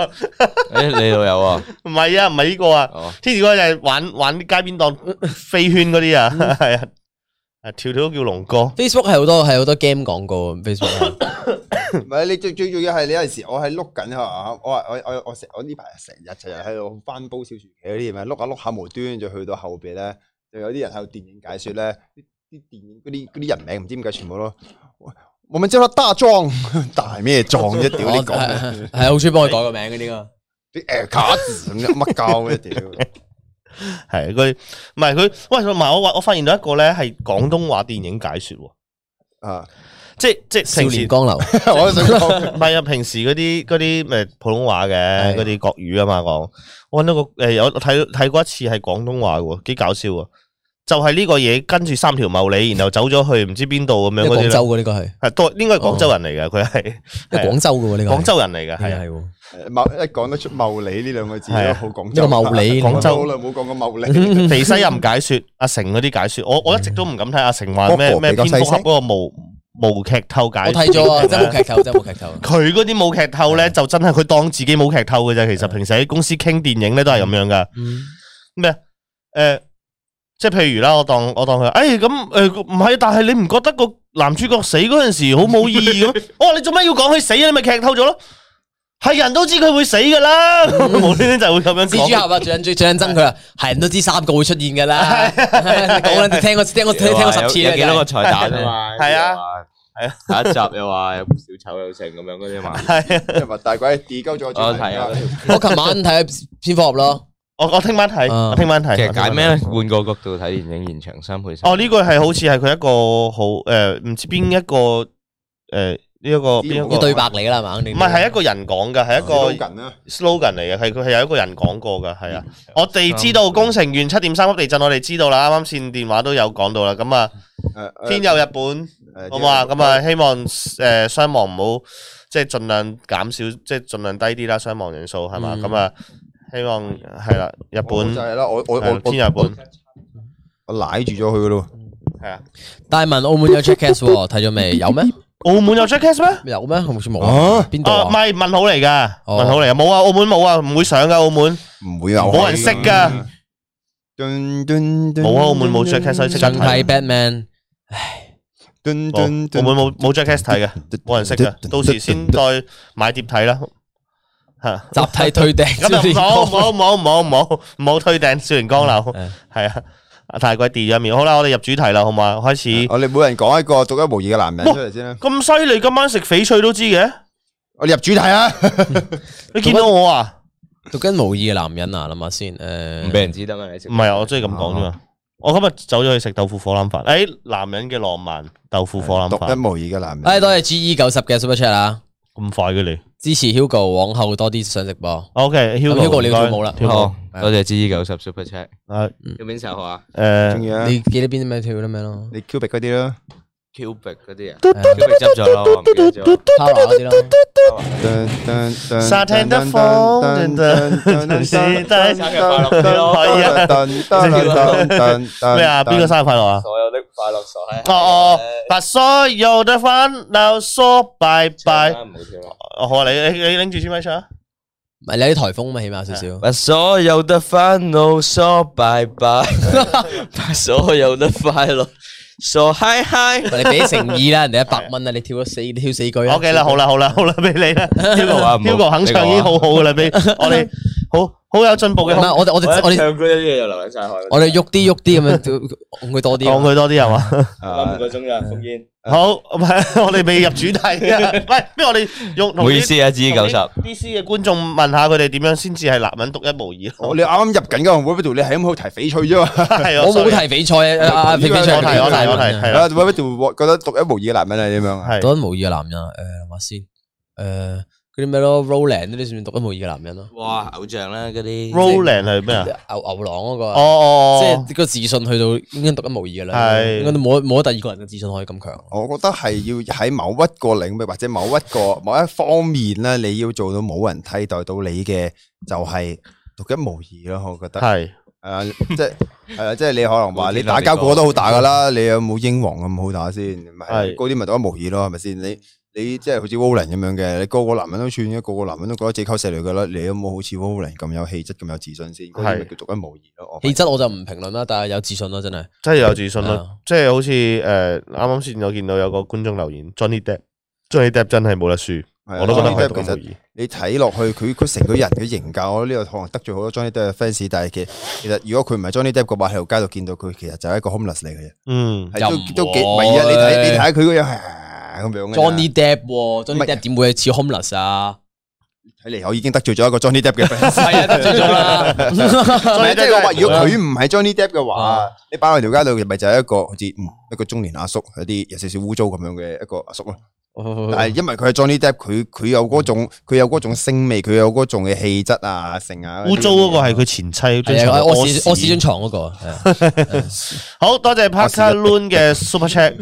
誒你老友啊？唔係啊，唔係呢個啊。天池哥就係玩玩啲街邊檔飛圈嗰啲啊，係啊。跳跳都叫龍哥，Facebook 係好多係好多 game 廣告 Facebook 唔、啊、係 你最最重要係你有陣時我，我係碌緊啊！我我我我成我呢排成日成日喺度翻煲小說嗰啲，咪碌下碌下無端就去到後邊咧，就有啲人喺度電影解說咧，啲啲電影嗰啲啲人名唔知點解全部咯，我咪知阿大壯大咩壯啫，屌呢講，係好彩幫佢改個名嗰啲啊。啲誒、 欸、卡子咁啊鳩嘅屌！ 係佢唔係佢喂，唔係我話，我發現到一個咧，係廣東話電影解說啊，即即少年江流唔係啊，平時嗰啲啲咩普通話嘅嗰啲國語啊嘛，我我揾到個誒、欸，我睇睇過一次係廣東話嘅，幾搞笑啊！就係呢個嘢跟住三條茂利，然後走咗去唔知邊度咁樣。廣州噶呢個係係多應該係廣州人嚟噶，佢係係廣州噶呢個。廣州人嚟噶係係。茂一講得出茂利呢兩個字都好廣州。個茂利廣州好耐冇講過茂利。肥西又唔解說阿成嗰啲解說，我我一直都唔敢睇阿成話咩咩偏播，嗰個無無劇透解。睇咗啊，真冇劇透就冇劇透。佢嗰啲冇劇透咧，就真係佢當自己冇劇透嘅啫。其實平時喺公司傾電影咧，都係咁樣噶。咩？誒。即係譬如啦，我當我當佢，誒咁誒唔係，但係你唔覺得個男主角死嗰陣時好冇意義咁？ 哦，你做咩要講佢死啊？你咪劇透咗咯。係人都知佢會死噶啦，無端端就會咁樣。蜘蛛俠啊，最緊最憎佢啊，係人都知三個會出現噶啦。講啦， 聽過聽過 聽過十次啦，幾多個彩蛋啊嘛？係啊，下一集又話有小丑有剩咁樣嗰啲嘛。係啊， 是是大鬼地溝 jojo。係啊， 我琴晚睇蝙蝠俠咯。 我我聽晚睇，我聽晚睇。即係解咩咧？換個角度睇電影，現場三倍。哦，呢個係好似係佢一個好誒，唔知邊一個誒呢一個要對白嚟啦，係嘛？唔係，係一個人講噶，係一個 slogan 嚟嘅，係佢係有一個人講過噶，係啊。我哋知道工程員七點三級地震，我哋知道啦。啱啱先電話都有講到啦。咁啊，天佑日本好唔好啊？咁啊，希望誒傷亡唔好，即係盡量減少，即係盡量低啲啦，傷亡人數係嘛？咁啊。希望係啦，日本就係啦，我我我知日本，我賴住咗佢噶咯，係啊。但問澳門有 Jackass 喎，睇咗未？有咩？澳門有 Jackass 咩？有咩？好似冇啊。邊度啊？唔係問好嚟噶，問好嚟啊。冇啊，澳門冇啊，唔會上噶澳門，唔會有，冇人識噶。冇啊，澳門冇 Jackass 可以識睇。真係 Batman。唉，澳門冇冇 Jackass 睇嘅，冇人識噶。到時先再買碟睇啦。集體退訂， 咁又唔好，唔好，唔好，唔好，唔好，唔好退訂。少完光樓係啊，的的太貴，跌咗面。好啦，我哋入主題啦，好嘛？開始，我哋每人講一個獨一無二嘅男人出嚟，先啦。咁犀利，今晚食翡翠都知嘅。我哋入主題啊！ 你見到我啊？獨一無二嘅男人啊，諗下先。誒、呃，唔俾人知得嘛？唔係，我中意咁講啫嘛。哦、我今日走咗去食豆腐火腩飯。誒、嗯哎，男人嘅浪漫，豆腐火腩飯，獨一無二嘅男人。誒、哎，多謝 G E 九十嘅 super chat 啊！咁快嘅你支持 Hugo，往後多啲上直播。OK，Hugo，你個冇啦，多謝支持九十 Super Chat。跳邊首啊？誒，你記得邊啲咩跳啦？咪咯，你 Cubic 嗰啲啦，Cubic 嗰啲啊。沙灘的風，是大家的快樂。可以啊，咩啊？邊個生日快樂啊？快樂傻嗨！哦哦，把所有的煩惱說拜拜。唔好跳啦！我話你，你拎住支咪唱啊！你有啲台風嘛，起碼少少。把所有的煩惱說拜拜，把所有的快樂說嗨嗨。你俾啲誠意啦，人哋一百蚊啊！你跳咗四跳四句啊！OK 啦，好啦好啦好啦，俾你啦。Tiger 啊，Tiger 肯唱已經好好噶啦，俾我哋。好好有進步嘅，我哋我哋我哋唱佢一啲嘢就留喺晒，我哋喐啲喐啲咁樣，講佢多啲，講佢多啲係嘛，五個鐘啊，好，我哋未入主題啊，喂，邊我哋喐，唔好意思啊，G 九十，D C 嘅觀眾問下佢哋點樣先至係男人獨一無二，我哋啱啱入緊噶，Viu 你係咁好提翡翠啫嘛，我冇提翡翠啊，翡翠，我提我提我提，啊，Viu 覺得獨一無二嘅男人係點樣啊，覺得獨一無二嘅男人，誒，話先，誒。啲咩咯 Roland 呢啲算唔算獨一無二嘅男人咯？哇！偶像啦，嗰啲 Roland 係咩啊？牛牛郎嗰，那個哦哦，即係個自信去到應該獨一無二嘅啦，係是應該冇冇第二個人嘅自信可以咁強。我覺得係要喺某一個領域或者某一個，某一，個某一方面咧，你要做到冇人替代到你嘅，就係、是、獨一無二咯。我覺得係誒，是 uh, 即係係啊，uh, 即係你可能話你打交，那個都好打噶啦是，你有冇英皇咁好打先？係高啲咪獨一無二咯，係咪先你？你你即係好似 Wallen 咁樣嘅，你個個男人都串，個個男人都覺得自己溝石女噶啦。你有冇好似 Wallen 咁有氣質、咁有自信先？係咪叫獨一無二咯。氣質我就唔評論啦，但係有自信咯，真係真係有自信咯。的即係好似誒，啱啱先我見到有個觀眾留言，Johnny Depp，Johnny Depp 真係冇得輸。的我都覺得係其實你睇落去，佢佢成個人嘅形象，我呢度可能得罪好多 Johnny Depp 嘅 fans，但係其其實如果佢唔係 Johnny Depp 嘅話，喺度街度見到佢，其實就係一個 homeless 嚟嘅。嗯，都都，都幾，唔係啊，你睇你睇佢嘅樣係。啊 Johnny Depp，Johnny Depp 點會似 homeless 啊？睇嚟我已經得罪咗一個 Johnny Depp 嘅 fans。係得罪咗啦。即係如果佢唔係 Johnny Depp 嘅話，你擺喺條街度，咪就係一個好似一個中年阿叔，有啲有少少污糟咁樣嘅一個阿叔咯。但係因為佢係 Johnny Depp，佢佢有嗰種佢有嗰種聲味，佢有嗰種嘅氣質啊，成啊。污糟嗰個係佢前妻，係啊，屙屎屙屎張床嗰個。好多謝 Parker Loon 嘅 Super Check。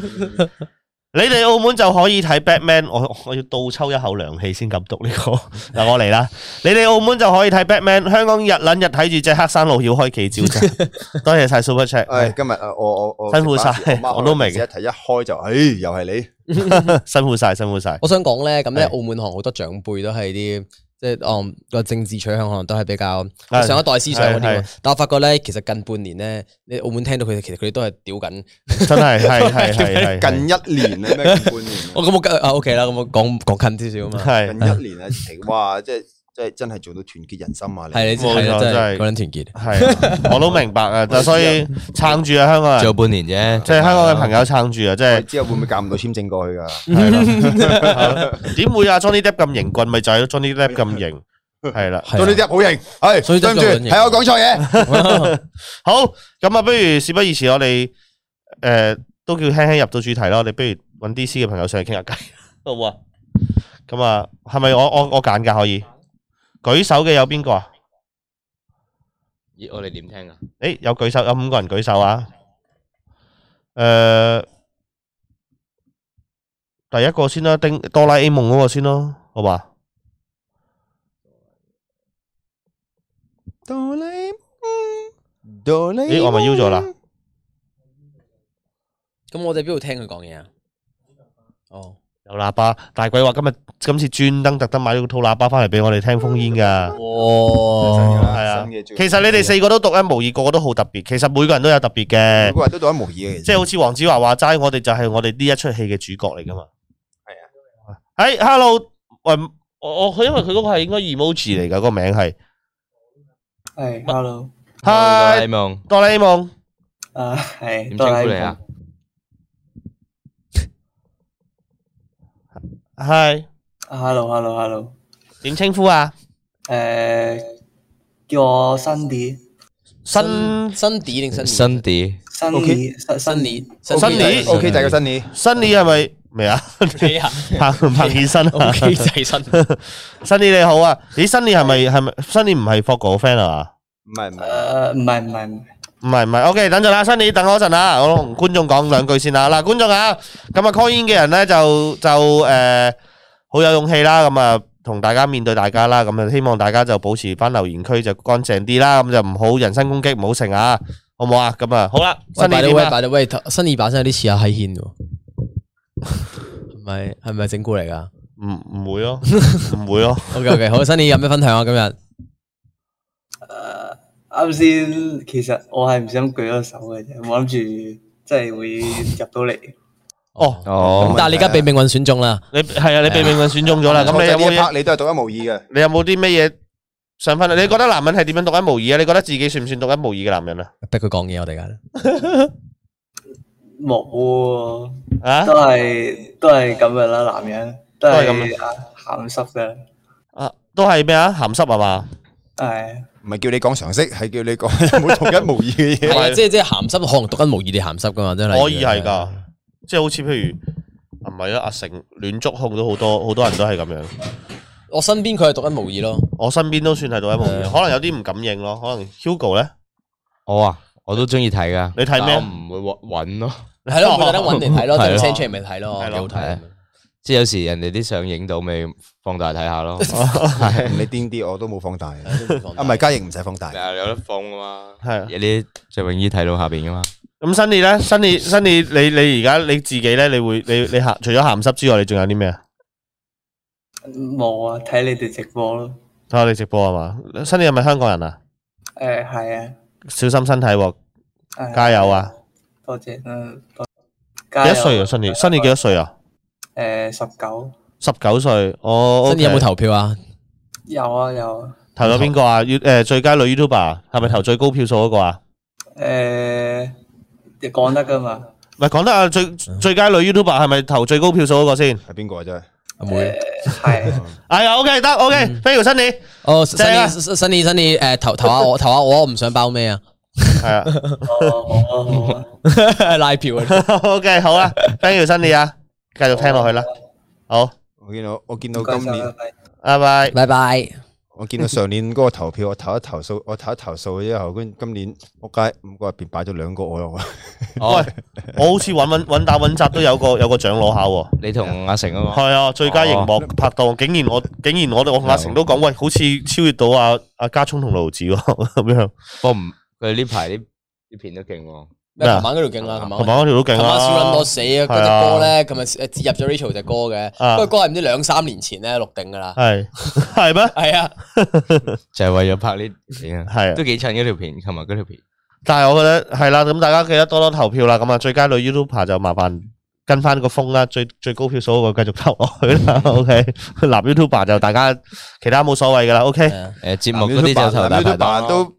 你哋澳門就可以睇 Batman，我我要倒抽一口涼氣先敢讀呢、這個嗱， 我嚟啦！你哋澳門就可以睇 Batman，香港日捻日睇住隻黑山老妖開旗招啫， 多謝晒 Super c h a t 今日我我我辛苦晒，我都明一睇一開就誒，又係你辛苦晒，辛苦晒。 我想講咧，咁咧澳門行好多長輩都係啲。即係，嗯，個政治取向可能都係比較是上一代思想嗰啲。但係我發覺咧，其實近半年咧，你澳門聽到佢哋，其實佢哋都係屌緊，真係，係係係。 近一年啊，咩近半年？我咁我梗係，OK 啦、啊，咁我講講近少少啊嘛。係是近一年啊， 哇，即係。即係真係做到團結人心啊！你錯嘅，真係講緊團結我都明白啊。就所以撐住啊，香港人做半年啫。即係香港嘅朋友撐住啊！即係之後會唔會攬唔到簽證過去㗎？點會啊？Johnny Depp 咁型棍，咪就係 Johnny Depp 咁型係啦。Johnny Depp 好型係，撐住係我講錯嘢。好咁啊，不如事不宜遲，我哋誒都叫輕輕入到主題咯。你不如揾 DC 嘅朋友上去傾下偈好唔好啊？咁啊，係咪我我我揀㗎可以？舉手嘅有邊個啊？咦，我哋點聽啊？誒，有舉手，有五個人舉手啊。誒，第一個先啦，叮哆啦 A 夢嗰個先咯，好嘛？哆啦 A 夢，哆啦 A 夢。咦，我咪 U 咗啦？咁我哋邊度聽佢講嘢啊？哦。有喇叭，大鬼話今日今次專登特登買咗套喇叭翻嚟俾我哋聽風煙噶。哇，係啊，其實你哋四個都獨一無二，個個都好特別。其實每個人都有特別嘅，每個人都獨一無二嘅。即係好似黃子華話齋，我哋就係我哋呢一出戲嘅主角嚟噶嘛。係啊，誒、Hey，Hello，我我佢因為佢嗰個係應該 emoji 嚟噶，個名係係 Hello 哆啦 A 夢，哆啦 A 夢，啊係，哆啦 A 夢。Hi hello hello hello，點稱呼啊？誒，叫我 Cindy 新新迪定新 Cindy，Cindy 新李，新李，OK，大家新李，新李係咪？未啊？問問起身吓，問起身，新李你好啊，咦，新李係咪係咪？新李唔係霍哥個 friend 啊？唔係唔係，誒唔係唔係唔係唔係，OK，等陣啦，Sunny 等我一陣啊，我同觀眾講兩句先啦。嗱，觀眾啊，咁啊，call in 嘅人咧就就誒，好有勇氣啦。咁啊，同大家面對大家啦。咁啊，希望大家就保持翻留言區就乾淨啲啦。咁就唔好人身攻擊，唔好成啊，好唔好啊？咁啊，好啦。<喂 >Sunny 點啊？Sunny 喂樣喂，喂，Sunny 把聲有啲似阿希軒喎。唔 係，係咪整蠱嚟噶？唔唔、嗯、會咯、啊，唔會咯、啊。 OK OK，好，Sunny 有咩分享啊？今日。 啱先，其實我係唔想舉咗手嘅啫，我諗住真係會入到嚟。哦，咁但係你而家被命運選中啦，你係啊，你被命運選中咗啦。咁你有冇啲？你都係獨一無二嘅。你有冇啲咩嘢成分？你覺得男人係點樣獨一無二啊？你覺得自己算唔算獨一無二嘅男人啊？逼佢講嘢，我哋而家冇啊，都係都係咁樣啦，男人都係啊咸濕嘅啊，都係咩啊咸濕係嘛？係。唔係叫你講常識，係叫你講有冇獨一無二嘅嘢。係啊，即係即係咸濕可能獨一無二你咸濕噶嘛，真係可以係噶。即係好似譬如，唔係啊，阿成亂捉控都好多好多人都係咁樣。我身邊佢係獨一無二咯。我身邊都算係獨一無二。可能有啲唔感應咯，可能 Hugo 咧，我啊我都中意睇噶。你睇咩？我唔會搵咯。係咯，我覺得搵定睇咯，定 send 出嚟咪睇咯，你好睇即係有時人哋啲相影到咪放大睇下咯，你癲啲我都冇放大，啊唔係加影唔使放大，有得放噶嘛，係你着泳衣睇到下邊噶嘛。咁新宇咧，新宇新宇你你而家你自己咧，你會你你咸除咗咸濕之外，你仲有啲咩啊？冇啊，睇你哋直播咯。睇下你直播係嘛？新宇係咪香港人啊？誒係啊。小心身體，加油啊！多謝，嗯，多。幾多歲啊？新宇，新宇幾多歲啊？誒，十九，十九歲，Sunny 有冇投票啊？有啊有，啊。投咗邊個啊？誒，最佳女 YouTuber 係咪投最高票數嗰個啊？誒，你講得㗎嘛？唔係講得啊，最最佳女 YouTuber 係咪投最高票數嗰個先？係邊個啊？真係阿妹，係係啊，OK 得，OK，Thank you Sunny，哦，Sunny Sunny，誒，投投下我，投下我，唔想包咩啊？係啊，拉票啊，OK，好啊，Thank you Sunny 啊。繼續聽落去啦，好。我見到我見到今年，拜拜拜拜。我見到上年嗰個投票，我投一投訴，我投一投訴之後，跟今年仆街五個入邊擺咗兩個我。喂、哦， 我好似穩穩穩打穩紮都有個有個獎攞下喎。你同阿成啊？係啊，最佳熒幕拍檔，竟然我竟然我竟然我同阿成都講，喂，好似超越到阿、啊、阿、啊、家聰同盧智喎咁樣。我唔佢呢排啲啲片都勁喎、啊。琴晚嗰條勁啦，琴晚嗰條都勁啊！琴晚笑捻我死啊！嗰隻歌咧，咁啊，接入咗 Rachel 隻歌嘅，不過歌係唔知兩三年前咧錄定噶啦，係係咩？係啊，就係為咗拍呢啲啊，係啊，都幾襯呢條片，琴晚嗰條片。但係我覺得係啦，咁大家記得多多投票啦。咁啊，最佳女 YouTuber 就麻煩跟翻個風啦，最最高票數個繼續投落去啦。OK，男 YouTuber 就大家其他冇所謂噶啦。OK，誒，節目嗰啲就頭大排檔。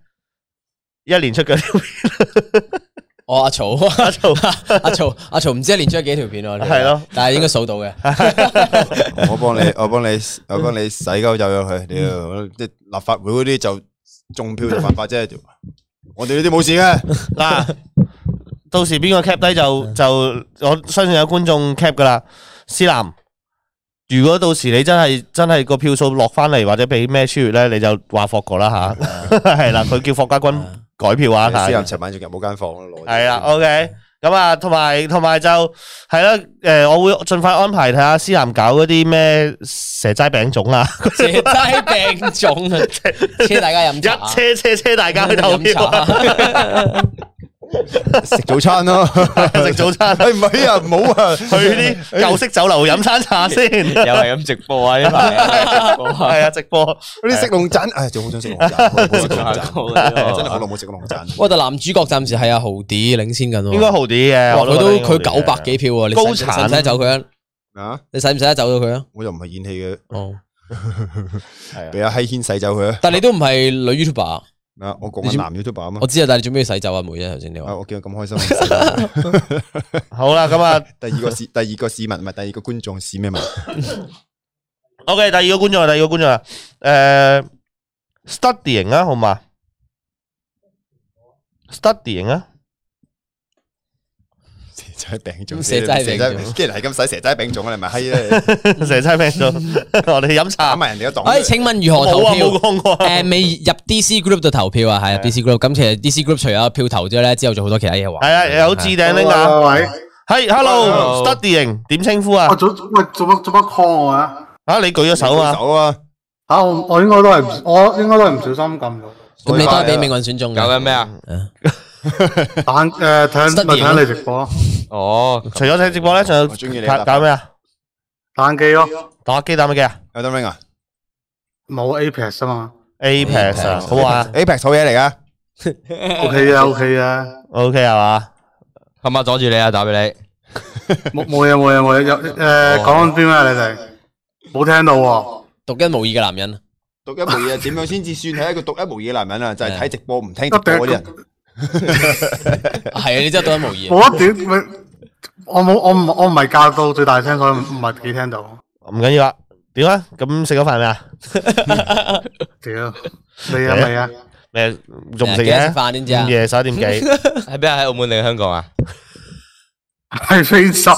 一年出幾條片，哦阿曹阿曹阿曹阿曹唔知一年出咗幾條片咯，係咯，但係應該數到嘅，我幫你我幫你我幫你洗鳩走咗佢，屌，立法會嗰啲就中票就犯法啫，我哋呢啲冇事嘅，嗱，到時邊個 cap 低就就我相信有觀眾 cap 噶啦，思南，如果到時你真係真係個票數落翻嚟或者俾咩輸血咧，你就話霍國啦吓，係啦，佢叫霍家軍。改票啊！係啊，思南尋晚直入冇間房咯，攞係啦。OK，咁啊，同埋同埋就係咯。誒，我會盡快安排睇下思南搞嗰啲咩蛇齋餅粽啊，蛇齋餅粽啊，車大家飲一車車車大家去投票。食早餐咯，食早餐。哎唔係啊，唔好啊，去啲舊式酒樓飲餐茶先。又係咁直播啊，呢排係啊，直播啲食龍盞。唉，仲好想食龍盞。真係好耐冇食過龍盞。我就男主角暫時係阿豪弟領先緊。應該豪弟嘅。哇，佢都佢九百幾票啊，高產。使唔使走佢啊？啊，你使唔使得走到佢啊？我又唔係演戲嘅。哦，係啊，俾阿希軒使走佢啊。但係你都唔係女 YouTuber。啊！我講個男 YouTuber 啊嘛，我知啊，但係你做咩要洗走啊妹啊？頭先你話，我見到咁開心。好啦，咁啊，第二個市，第二個市民唔係，第二個觀眾是咩文？OK，第二個觀眾啊，第二個觀眾啊，誒，Studying 啊，好嘛？Studying 啊？蛇仔病種，蛇仔，竟然係咁使蛇仔病種啊！你咪閪啦，蛇仔病種。我哋飲茶，咪人哋嘅檔。哎，請問如何投票？誒，未入 D C Group 就投票啊？係 D C Group。咁其實 D C Group 除咗票投之外咧，之後仲好多其他嘢玩。係啊，有置頂呢噶。喂，係 Hello，Studying，點稱呼啊？做做乜做乜 call 我啊？吓，你舉咗手啊？吓，我我應該都係我應該都係唔小心撳咗。咁你都係俾命運選中嘅。咁係咩啊？打誒睇咪睇你直播哦，除咗睇直播咧就搞咩啊？打機咯，打機打乜機？有得 wing 啊？冇 Apex 啊嘛？Apex 啊，好唔好啊？Apex 好嘢嚟噶，OK 啦，OK 啦，OK 係嘛？今晚阻住你啊，打俾你，冇冇嘢冇嘢冇嘢，誒講緊啲咩？你哋冇聽到喎，獨一無二嘅男人，獨一無二啊？點樣先至算係一個獨一無二嘅男人啊？就係睇直播唔聽直播嗰啲人。係啊，你真係獨一無二。我點？我冇，我唔，我唔係教到最大聲，所以唔係幾聽到。唔緊要啊，點啊？咁食咗飯未啊？屌，未啊，未啊，咩仲食嘢？食飯點知啊？午夜十一點幾？喺邊啊？喺澳門定香港啊？喺非洲。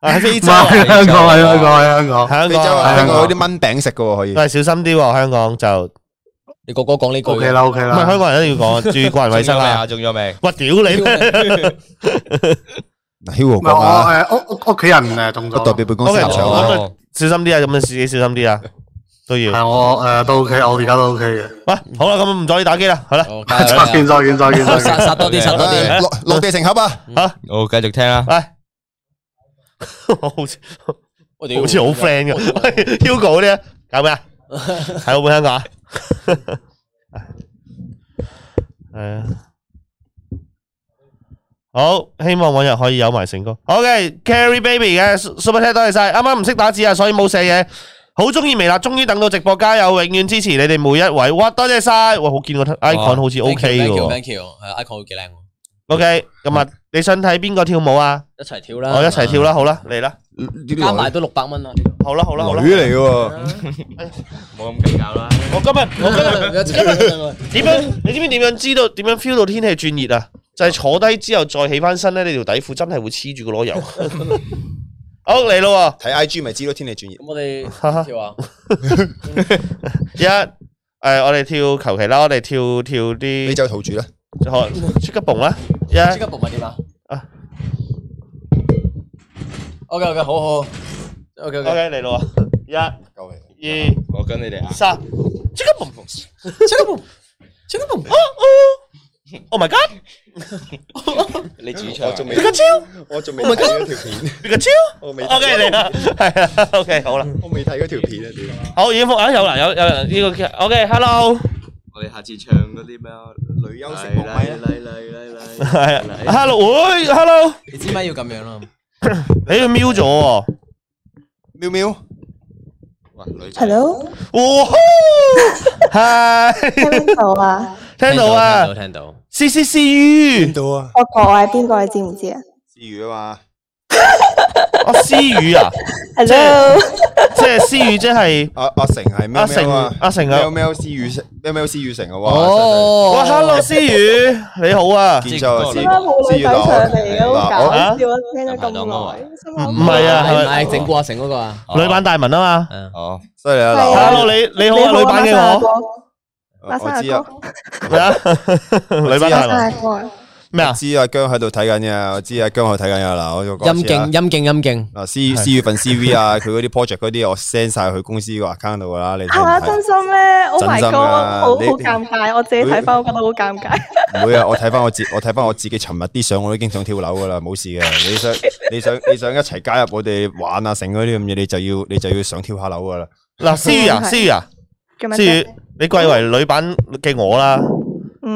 喺非洲。唔係香港，係香港，係香港。喺非洲，喺香港有啲蚊餅食噶，可以。喂，小心啲，香港就。你哥哥講呢句嘢，OK 啦，OK 啦。香港人一定要講注意個人衛生啊！仲有未？我屌你！嗱 Hugo 講啊，屋屋屋企人誒中咗，不代表辦公室啊！小心啲啊！咁啊自己小心啲啊！都要係我誒都 OK，我而家都 OK 嘅。喂，好啦，咁唔阻你打機啦，好啦，再見再見再見，殺多啲，殺多啲，落落地成盒啊！吓，好，繼續聽啦。我好似好似好 friend 嘅，Hugo 啲搞咩啊？係澳門香港。係啊，好希望往日可以有埋成個，OK，Carrie Baby 嘅，Superstar，多謝晒，啱啱唔識打字啊，所以冇寫嘢，好鍾意微辣，終於等到直播加油，永遠支持你哋每一位，哇，多謝晒，哇，好見過 icon 好似 OK 嘅，Thank you，Thank you，係 icon 好幾靚。O K，今日你想睇邊個跳舞啊？一齊跳啦！我、哦、一齊跳啦，好啦，嚟啦！加埋都六百蚊啦！好啦，好啦，好啦，啊！鬼嚟嘅喎，冇咁計較啦！我今日我今日今日點樣？ 你知唔知點樣知道點樣 feel 到天氣轉熱啊？就係、是、坐低之後再起翻身咧，你條底褲真係會黐住個籮柚。 好嚟啦！睇 I G 咪知道天氣轉熱。我哋跳啊！一誒，我哋跳，求其啦，我哋跳跳啲非洲土著啦，出個蹦啦。 即刻爆埋點啊！啊，OK OK，好好，OK OK，嚟咯，一，二，我跟你哋啊，三，即刻 boom，即刻 boom，即刻 boom，哦哦，Oh my God，你幾場啊？呢個招，我仲未，我未睇咗條片，呢個招，我未，OK 嚟啦，係啊，OK 好啦，我未睇嗰條片啊，點啊？好，已經復啊，有啦，有有呢個，OK，Hello。我哋下次唱嗰啲咩啊？女優式貓咪啊！嚟嚟嚟嚟嚟！係啊！Hello，喂，Hello，你做咩要咁樣咯？你瞄咗哦，瞄瞄。Hello，哇，係聽到啊？聽到啊？聽到？C C C U，聽到啊？我講我係邊個，你知唔知啊？思雨啊嘛。阿思宇啊，即係即係思宇，即係阿阿成係咩咩啊？阿成啊，喵喵思宇？成，喵喵思宇成嘅喎。哦，哇，Hello 思宇！你好啊，見到你。點解冇女仔上嚟咁搞笑？聽咗咁耐，唔唔係啊，係咪整蠱阿成嗰個啊？女版大文啊嘛，哦，犀利啊，Hello 你你好啊，女版嘅我，我知啊，嚟啊，女版大文。咩啊？知阿姜喺度睇緊嘅，我知阿姜喺度睇緊噶啦。我就陰勁陰勁陰勁嗱，四月份 CV 啊，佢嗰啲 project 嗰啲，我 send 晒去公司個 account 度噶啦。吓，真心咩？真心啦，好好尷尬。我自己睇翻，我覺得好尷尬。唔會啊！我睇翻我自，我睇翻我自己尋日啲相，我都已經想跳樓噶啦。冇事嘅，你想你想你想一齊加入我哋玩啊成嗰啲咁嘢，你就要你就要想跳下樓噶啦。嗱，思雨啊思雨啊，思雨，你貴為女版嘅我啦。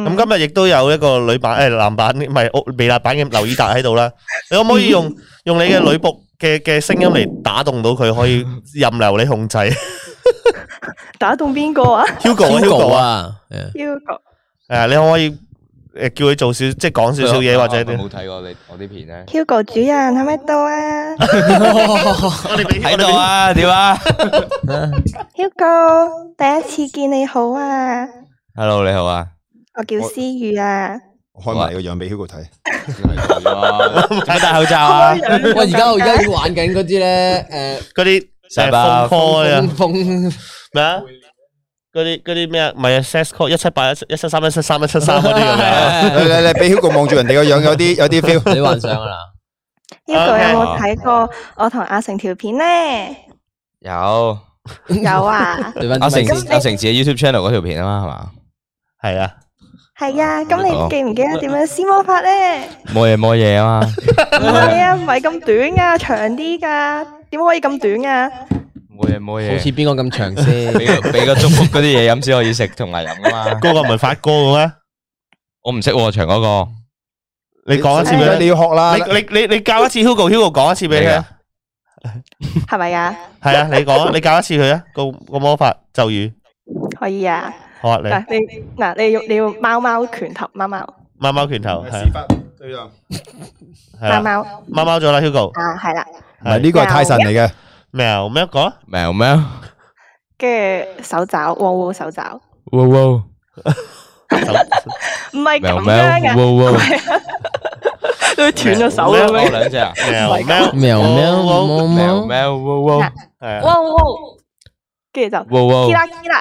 咁今日亦都有一個女版誒，男版唔係屋微辣版嘅劉以達喺度啦。你可唔可以用用你嘅女僕嘅嘅聲音嚟打動到佢？可以任由你控制。打動邊個啊？Hugo 啊，Hugo 啊，Hugo。誒，你可唔可以誒叫佢做少，即係講少少嘢或者。我冇睇過你我啲片咧。Hugo 主人喺唔喺度啊？我哋喺度啊？點啊？Hugo 第一次見你好啊！Hello，你好啊！我叫思宇啊！我我開埋個樣俾 Hugo 睇。睇戴口罩啊！我而家我而家玩緊嗰啲咧，誒、呃，嗰啲成風 call 啊，咩啊？嗰啲啲咩啊？唔係啊 sex call 一七八一七一七三一七三一七三嗰啲啊！嚟你嚟，俾 Hugo 望住人哋個樣，有啲有啲 feel，有啲幻想噶啦！Hugo 有冇睇過我同阿成條片咧？有有啊！ 阿成阿成自己 YouTube channel 嗰條片啊嘛，係嘛？係啊！係啊，咁你記唔記得點樣施魔法咧？冇嘢冇嘢啊嘛！係啊，唔係咁短噶，長啲噶，點可以咁短啊？冇嘢冇嘢，好似邊個咁長先？俾個俾個祝福嗰啲嘢飲先可以食同埋飲啊嘛！嗰個唔係發哥嘅咩？我唔識喎，長嗰個，你講一次俾佢，你要學啦。你你你教一次，Hugo Hugo 講一次俾佢，係咪啊？係啊，你講，你教一次佢啊，個個魔法咒語可以啊。好啊，你嗱你嗱你用你要貓貓拳頭貓貓貓貓拳頭係，貓貓貓貓咗啦，Hugo 啊係啦，唔係呢個係泰神嚟嘅，喵咩一個喵喵，跟住手爪，哇哇手爪，哇哇，唔係咁樣嘅，都斷咗手啦咩？兩隻啊，喵喵喵喵喵喵哇哇，係啊，哇哇，跟住就，起啦起啦。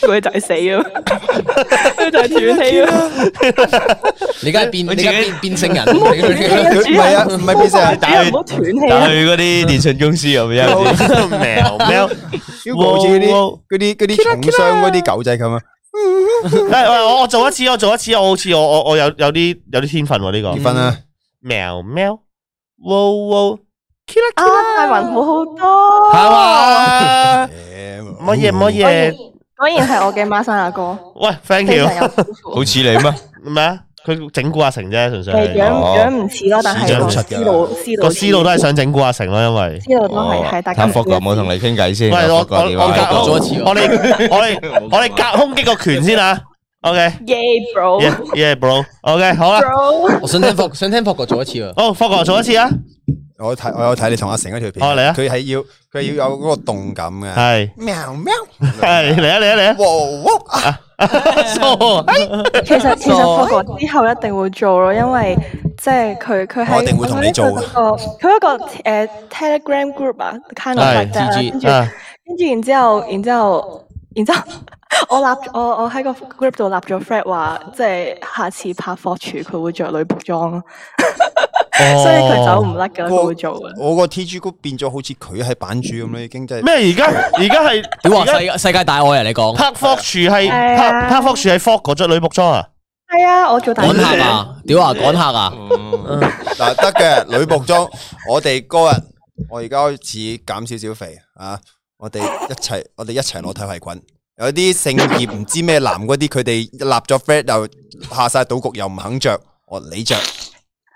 佢就係死咯，佢就係斷氣咯。你而家變，你而家變變成人？唔係啊，唔係變成人，打去打去嗰啲電信公司咁樣。喵喵，好似嗰啲嗰啲嗰啲重傷嗰啲狗仔咁啊。喂喂，我做一次，我做一次，我好似我我我有有啲有啲天分喎呢個。結婚啦！喵喵，哇哇，keep 得 keep 得艾云好好多。係喎，冇嘢冇嘢。果然係我嘅孖生阿哥。喂，Frankie，好似你咩？咩啊？佢整蠱阿成啫，純粹。係樣樣唔似咯，但係思路思路個思路都係想整蠱阿成咯，因為思路都係係。但係福哥冇同你傾偈先。唔係我我我隔空我哋我哋我哋隔空擊個拳先啊！OK。Yeah, bro. Yeah, bro. OK，好啦。Bro，我想聽福想聽福哥做一次。哦，福哥做一次啊！我睇我有睇你同阿成嗰條片，佢係、啊、要佢要有嗰個動感嘅。係是喵喵，係嚟啊嚟啊嚟啊！哇哇 其實其實貨款之後一定會做咯，因為即係佢佢喺一定會同你做。佢一個誒、呃、Telegram group 啊，kind of 跟住跟住然之後然之後然之後我立我立我喺個 group 度立咗 flag 話，即係下次，次拍貨廚，佢會着女僕裝。 所以佢走唔甩噶，我會做嘅。我個 T G 谷變咗好似佢係版主咁啦，已經即係咩？而家而家係，屌話世界大愛啊！你講。Black Fox 係 Black Fox 係 Fox 嗰隻女僕裝啊？係啊，我做大。趕客啊！屌話趕客啊！嗱，得嘅女僕裝，我哋今日我而家開始減少少肥啊！我哋一齊，我哋一齊攞體圍滾。有啲姓葉唔知咩男嗰啲，佢哋立咗 friend 又下晒賭局，又唔肯着，我你着。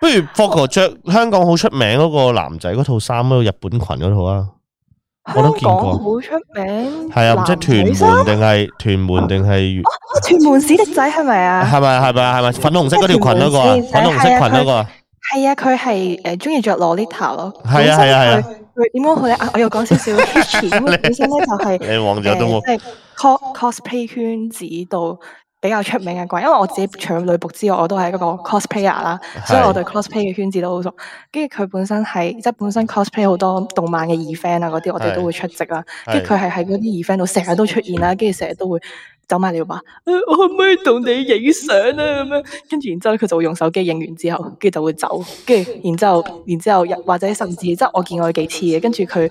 不如 Foco 着香港好出名嗰個男仔嗰套衫嗰日本裙嗰套啊，我都見過。好出名係啊，唔知屯門定係屯門定係、啊、屯門史迪仔係咪啊？係咪係咪係咪粉紅色嗰條裙嗰個啊？粉紅色裙嗰個啊？係啊，佢係誒，中意着 Lolita 咯。係啊係啊係。點講佢咧？我又講少少 history 咁啊。點講咧？就係、是、誒，即係 cosplay 圈子度。比較出名嘅 g，因為我自己除咗女僕之外，我都係嗰個 cosplayer 啦，所以我對 cosplay 嘅圈子都好熟。跟住佢本身係即係本身 cosplay 好多動漫嘅二 fan 啊，嗰啲，我哋都會出席啊。跟住佢係喺嗰啲二 fan 度成日都出現啦，跟住成日都會走埋嚟，話，誒、啊，我可唔可以同你影相啊？咁樣跟住然之後佢就會用手機影完之後，跟住就會走。跟住然之後，然之後入或者甚至即係我見佢幾次嘅，跟住佢。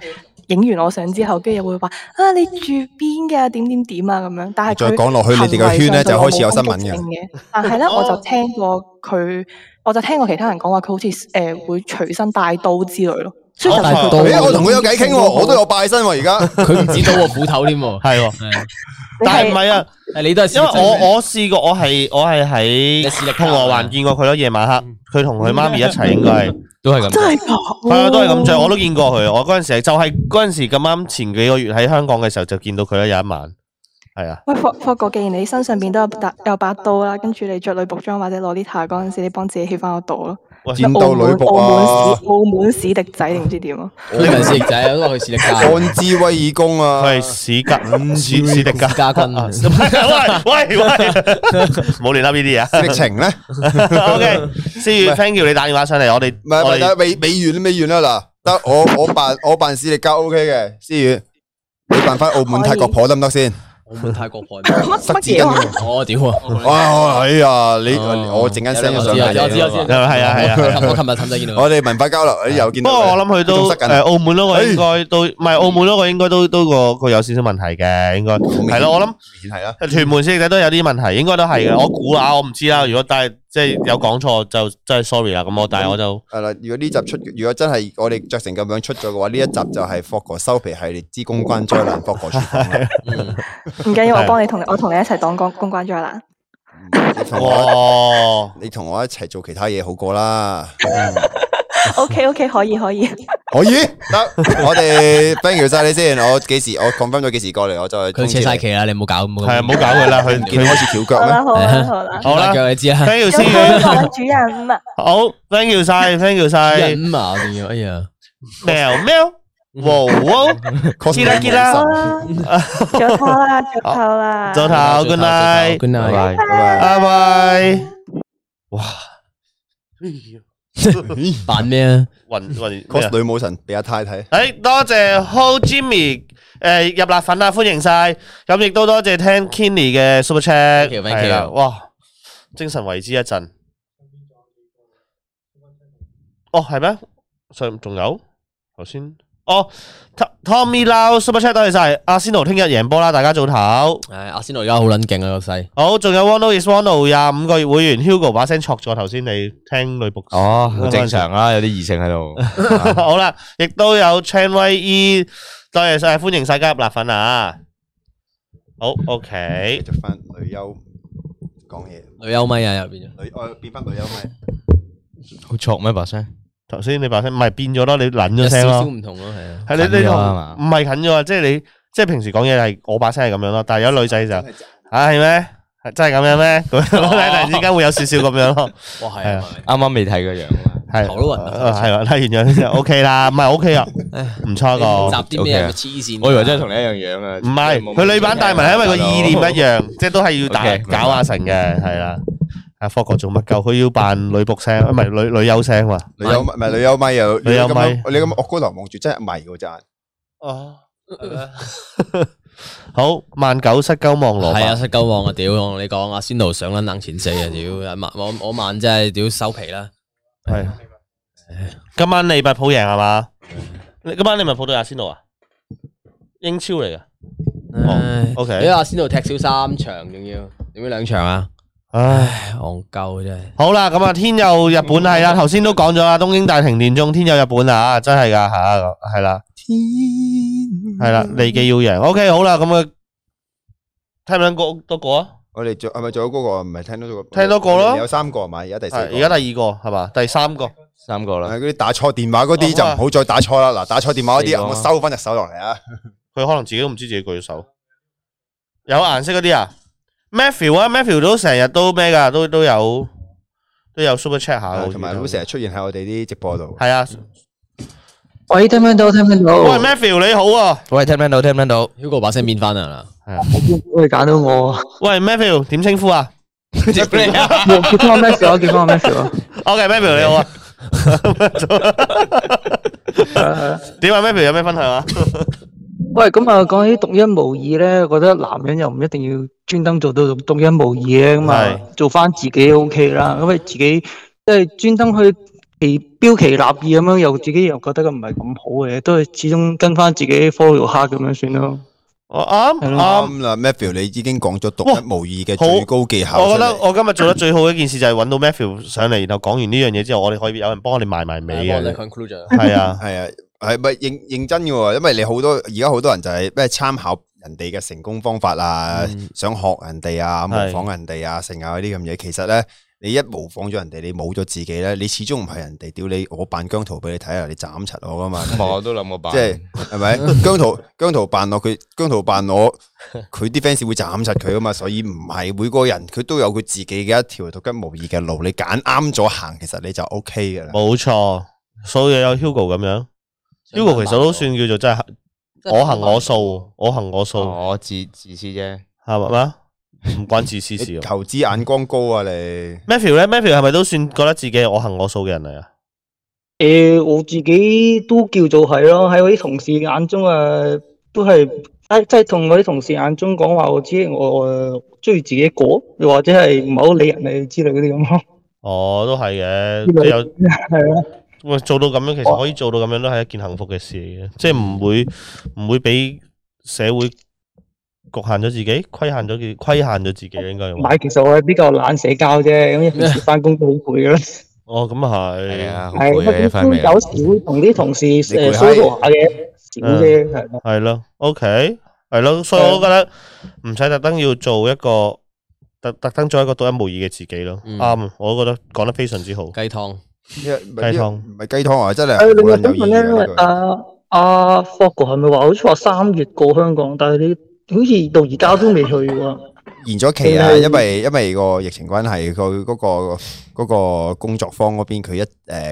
影完我相之後，跟住又會話啊，你住邊嘅啊？點點點啊咁樣。但係再講落去，你哋嘅圈呢就開始有新聞嘅。但係呢，我就聽過佢，我就聽過其他人講話，佢好似誒會隨身帶刀之類咯。出大刀，我同佢有偈傾，我都有拜身喎。而家佢唔止刀斧頭添，係，但係唔係啊？你都係，因為我我試過，我係我係喺銅鑼灣見過佢咯。夜晚黑，佢同佢媽咪一齊，應該係都係咁，真係啊，都係咁着，我都見過佢。我嗰陣時就係嗰陣時咁啱前幾個月喺香港嘅時候就見到佢啦。有一晚，係啊。喂，霍霍哥，既然你身上邊都有把有把刀啦，跟住你着女僕裝或者洛莉塔嗰陣時，你幫自己起翻個度咯。戰鬥女僕啊！澳門史迪仔定唔知點啊？呢份史迪仔啊，因為佢史迪加。安之威爾公啊，係史加安之史迪加軍啊！喂喂喂，冇亂諗呢啲嘢。疫情咧，OK。思宇 thank you，你打電話上嚟，我哋唔係唔得，美美元都美元啦嗱，得我我扮我扮史迪加 OK 嘅，思宇，你扮翻澳門泰國婆得唔得先？澳門泰國派乜字根？我屌啊！哎呀，你我陣間 send 咗上嚟。我知我知我知。係啊係啊，我琴日見到。我哋文化交流又見。不過我諗佢都誒澳門咯，我應該都唔係澳門咯，我應該都都個個有少少問題嘅，應該係啦。我諗係啦，屯門小姐都有啲問題，應該都係嘅。我估下，我唔知啦。如果但係。即係有講錯就真係 sorry 啦，咁我但係我就係啦，嗯。如果呢集出，如果真係我哋着成咁樣出咗嘅話，呢一集就係 f o g 收皮系列之公關災難。f o 唔緊要，我幫你同我同你一齊擋公公關災難。哇！ 你同我一齊做其他嘢好過啦。 嗯 O K O K 可以可以可以得，我哋 thank you 晒你先，我幾時我 confirm 咗幾時過嚟，我就佢扯晒期啦，你唔好搞，唔好係啊，唔好搞佢啦，佢佢開始翹腳咩？好啦好啦好啦，好啦，我知啦。thank you 先，主任啊。好，thank you 晒，thank you 晒。五啊，仲要哎呀，喵喵，汪汪，起來起來，就跑啦就跑啦，就跑 good night good night，拜拜。扮 咩、啊？云云，cos 女武神畀阿太睇。誒、嗯，啊、 多謝 Ho Jimmy，誒、呃、入辣粉啊，歡迎晒。咁亦都多謝聽 Kenny 嘅 Super Chat，哇，精神為之一振。哦，係咩？上仲有頭先。哦、oh,，Tommy Lau Super Chat，多謝晒，阿仙奴聽日贏波啦，大家早唞。阿仙奴而家好捻勁啊，老細。好，仲有 Oneo is Oneo，廿五個月會員，Hugo 把聲錯咗，頭先你聽女僕。哦、oh,，好正常啊，有啲異性喺度。 啊、 好啦，亦都有 Chen Wei Yi，、e, 多謝晒，歡迎晒加入辣粉啊。好、oh,，OK。翻 女優講嘢，女優咪啊，又變咗女，變翻女優咪。好錯咩把聲？頭先你把聲唔係變咗咯，你捻咗聲咯，有少少唔同咯，係啊，係你你同唔係近咗啊？即係你即係平時講嘢，係我把聲係咁樣咯，但係有女仔就，唉係咩？真係咁樣咩？咁樣咯，突然之間會有少少咁樣咯。哇，係啊，啱啱未睇個樣啊，頭都暈啊，係嘛？睇完咗先，OK 啦，唔係 OK 啊，唔錯個，集啲咩黐線？我以為真係同你一樣樣啊，唔係，佢女版戴文係因為個意念一樣，即係都係要打搞下神嘅，係啦。阿法國做乜鳩？佢要扮女僕聲，唔係女女優聲哇？女優唔係女優咪又？女優咪？你咁惡高頭望住真係迷噶真。哦，好萬九失鳩望羅。係啊，失鳩望啊！屌我同你講，阿仙奴上緊冷錢四啊！屌我我萬真係屌收皮啦。係。今晚利物浦贏係嘛？你今晚你利物浦到阿仙奴啊？英超嚟噶。O K。俾阿仙奴踢少三場仲要？點樣兩場啊？唉，憨鳩真係。好 啦，咁啊，天佑日本係啦，頭先都講咗啦，東京大停電中，天佑日本啊，真係噶吓，係、啊、啦，係、啊、啦，利記要贏。O、OK, K，好啦，咁啊，聽唔、那個、聽多個啊？我哋再係咪仲有嗰個？唔係聽多咗個，聽多個咯，有個個個個三個係咪？而家第四，而家第二個係嘛？第三個，三個啦。嗰啲打錯電話嗰啲就唔好再打錯啦。嗱，打錯電話嗰啲我收翻隻手落嚟啊。佢 可能自己都唔知自己舉咗手。有顏色嗰啲啊？Matthew 啊，Matthew 都成日都咩噶，都都有都有 Super Chat 下，同埋都成日出現喺我哋啲直播度。係啊，喂，聽唔聽到？聽唔聽到？喂，Matthew 你好啊！喂，聽唔聽到？聽唔聽到？Hugo 把聲變翻啊！係啊，我係揀到我。喂，Matthew 點稱呼啊？點啊？我叫阿 Matthew 啊，叫阿 Matthew 啊。OK，Matthew 你好啊。點啊？Matthew 有咩分享啊？喂，咁、嗯、啊，講起獨一無二咧，覺得男人又唔一定要專登做到獨一無二嘅，咁啊，做翻自己 O K 啦。咁啊，自己即係專登去標奇立異咁樣，又自己又覺得佢唔係咁好嘅，都係始終跟翻自己 follow 黑咁樣算咯。我啱啱啦，Matthew，你已經講咗獨一無二嘅最高技巧。我覺得我今日做得最好一件事就係搵到 Matthew 上嚟，然後講完呢樣嘢之後，我哋可以有人幫我哋埋埋尾啊。係啊，係啊。係咪認認真嘅？因為你好多而家好多人就係咩參考人哋嘅成功方法啊，嗯、想學人哋啊，模仿人哋啊，成啊嗰啲咁嘢。其實咧，你一模仿咗人哋，你冇咗自己咧，你始終唔係人哋。屌你，我扮姜濤俾你睇下，你斬柒我噶嘛，嗯？我都諗過扮、就是，即係係咪姜濤姜濤扮落佢姜濤扮我，佢啲 fans 會斬柒佢噶嘛？所以唔係每個人，佢都有佢自己嘅一條獨根無二嘅路。你揀啱咗行，其實你就 O K 嘅啦。冇錯，所以有 Hugo 咁樣。h u 其實都算叫做真係我行我素，我行我素，我，我，素哦、我自自私啫，係咪？唔關自私事。投資 眼光高啊，你 Matthew 咧？Matthew 係咪都算覺得自己我行我素嘅人嚟啊？誒、欸，我自己都叫做係咯，喺我啲同事眼中啊，都係即係同我啲同事眼中講話，我知我追自己過，又或者係唔好理人哋之類嗰啲咁咯。哦，都係嘅， 有係咯。 做到咁樣，其實可以做到咁樣都係一件幸福嘅事嘅，即係唔會唔會俾社會局限咗自己，規限咗，規限咗自己應該係。唔係，其實我係比較懶社交啫，咁有時返工都好攰噶啦。哦，咁啊係，係啊，好攰嘅翻嚟。有時會同啲同事誒，say 說話嘅少啲，係咯，OK，係咯，所以我覺得唔使特登要做一個特特登做一個獨一無二嘅自己咯。啱，我都覺得講得非常之好。雞湯。雞湯唔係雞湯啊，真、啊、係。誒，你問點問咧？因為阿阿霍哥係咪話好似話三月過香港，但係你好似到而家都未去喎。延咗、嗯、期啊、嗯，因為因為個疫情關係，佢、那、嗰個嗰、那個工作坊嗰邊，佢一誒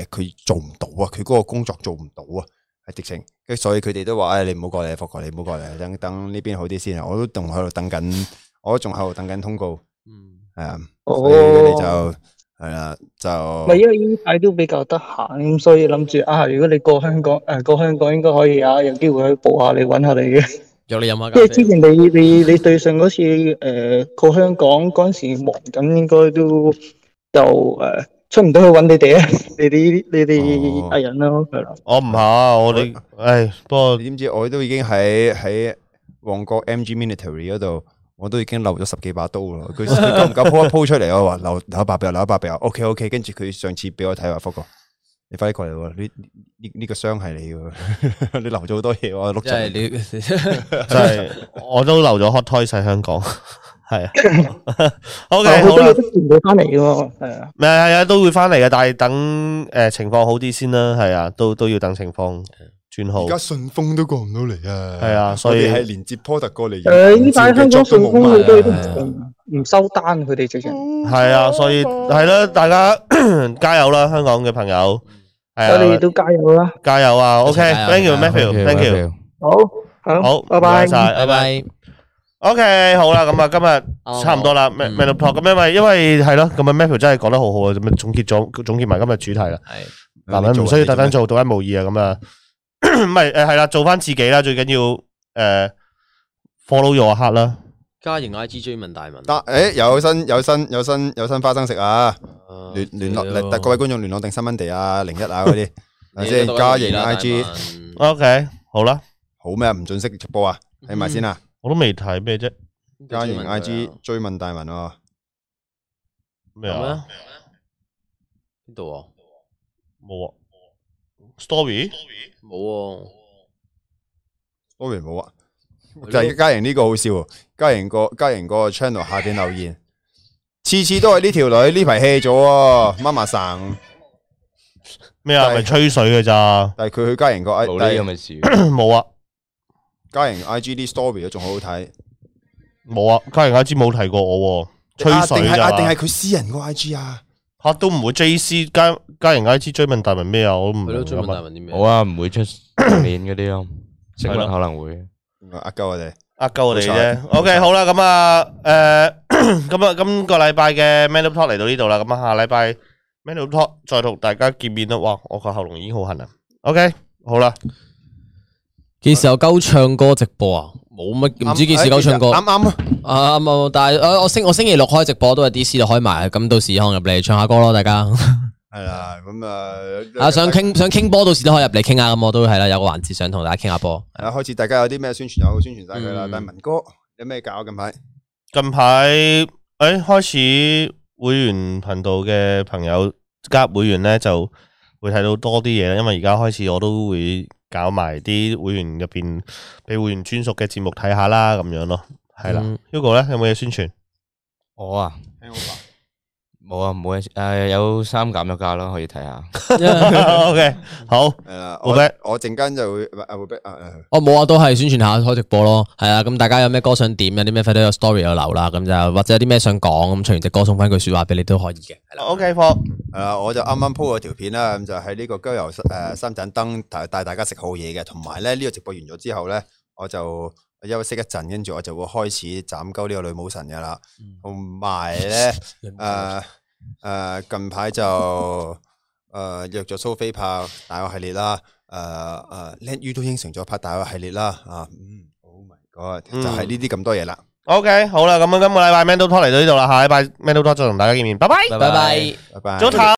佢做唔到啊，佢嗰個工作做唔到啊，係直情。所以佢哋都話，誒、哎，你唔好過嚟，霍哥，你唔好過嚟，等等呢邊好啲先啊。我都仲喺度等緊，我都仲喺度等緊通告。嗯，係啊、嗯，所以佢哋就。哦係啊，就咪因為呢排都比較得閒，咁所以諗住啊，如果你過香港，誒過香港應該可以啊，有機會去報下你，搵下你嘅。有你飲啊！因為之前你你你對上嗰次誒過香港嗰陣時忙緊，應該都就誒出唔到去搵你哋啊，你哋你哋客人咯，係啦。我唔係啊，我哋誒，不過點知我都已經喺喺旺角 M G Military 嗰度。.我都已經留咗十幾把刀咯，佢夠唔夠鋪一鋪出嚟？我話 留留一百俾我，留一百俾我，啊。O K O K，跟住佢上次畀我睇話，福哥，你快啲過嚟喎，呢呢個箱係你噶，你留咗好多嘢，我錄咗。你，真係，這個 啊、我都留咗 hot toys 喺香港，係 是啊。O K，好，呃、好啦，都唔會翻嚟噶，係啊，咪係啊，都會翻嚟噶，但係等誒情況好啲先啦，係啊，都都要等情況。 而家順豐都過唔到嚟啊！係啊，所以係連接波特過嚟。誒，依家香港順豐好多嘢都唔唔收單，佢哋最近係啊，所以係啦，大家加油啦，香港嘅朋友，我哋都加油啦，加油啊！OK，Thank you，Matthew，Thank you，好，好，拜拜，拜拜，OK，好啦，咁啊，今日差唔多啦，Matthew，咁因為因為係咯，咁啊，Matthew 真係講得好好啊，咁啊，總結咗總結埋今日主題啦，係嗱，你唔需要特登做獨一無二啊，咁啊。唔係誒，係、啊、啦，做翻自己啦，最緊要誒、呃、，follow your heart 啦。加型 I G 追問大文。得、啊、誒，有新有新有新有新花生食啊！聯聯絡，各位觀眾聯絡定新溫地啊，零、啊、一啊嗰啲，係先加型 I G。O、okay, K，好啦。好咩？唔準識直播啊？睇埋先啊！嗯、我都未睇咩啫。加型 I G 追問大文啊。咩啊？邊度啊？冇啊！S story s t o r y 冇喎，Story 冇啊！就係嘉瑩呢個好笑，嘉瑩個嘉瑩個 channel 下邊留言，次 次都係呢條女呢排 hea 咗，媽媽生咩啊？係咪是吹水嘅咋？但係佢去嘉瑩個 I G 呢咁嘅事，冇啊！嘉瑩 I G 啲 story 都仲好好睇，冇啊！嘉瑩 I G 冇提過我，吹水定係佢私人個 I G 啊？啊，都唔會 JC 加加人 I C 追問大文咩啊？我唔好啊，唔會出面嗰啲咯，食飯可能會。呃鳩我哋，呃鳩我哋啫。OK，好啦，咁啊，誒，咁啊，今個禮拜嘅 menu talk 嚟到呢度啦，咁啊，下禮拜 menu talk 再同大家見面啦。哇，我個喉嚨已經好痕啦。OK，好啦，幾時有鳩唱歌直播啊？冇乜，唔知幾時夠唱歌。啱啱啊，但係我星我星期六開直播都係 D C 就開埋，咁到時可入嚟唱下歌咯，大家係啦。咁啊，啊想傾想傾波，到時都可以入嚟傾下。咁我都係啦，有個環節想同大家傾下波。開始大家有啲咩宣傳有宣傳晒佢啦。但係文哥有咩搞？近排近排誒，開始會員頻道嘅朋友加入會員咧，就會睇到多啲嘢。因為而家開始我都會。搞埋啲會員入面俾會員專屬嘅節目睇下啦，咁樣咯，係啦。嗯，Hugo 呢有冇嘢宣傳？我啊。 冇啊，冇啊，誒有三減一價咯，可以睇下。 yeah, o、okay. K，好，誒，O K，我陣間家就會，會 b 我冇啊，都、啊、係、啊、宣傳下開直播咯，係啦、啊，咁大家有咩歌想點，有啲咩快 r i 都有 story 有留啦，咁就或者有啲咩想講，咁唱完隻歌送翻句說話俾你都可以嘅。O K，伙，誒，我就啱啱 po 咗條片啦，咁、嗯、就喺呢、這個郊遊室，誒，三盞燈帶大家食好嘢嘅，同埋咧呢、這個直播完咗之後咧，我就。休息一陣，跟住我就會開始斬鳩呢個女武神噶啦，同埋咧誒誒，近排就誒、呃、約咗蘇菲拍大學系列啦，誒誒，let u 都應承咗拍大學系列啦，啊，嗯，好、oh、o、嗯、就係呢啲咁多嘢啦。OK，好啦，咁啊，今個禮拜 m a n d o l o 嚟到呢度啦，下禮拜 m a n d o l o 再同大家見面，拜拜，拜拜，拜拜，早唞。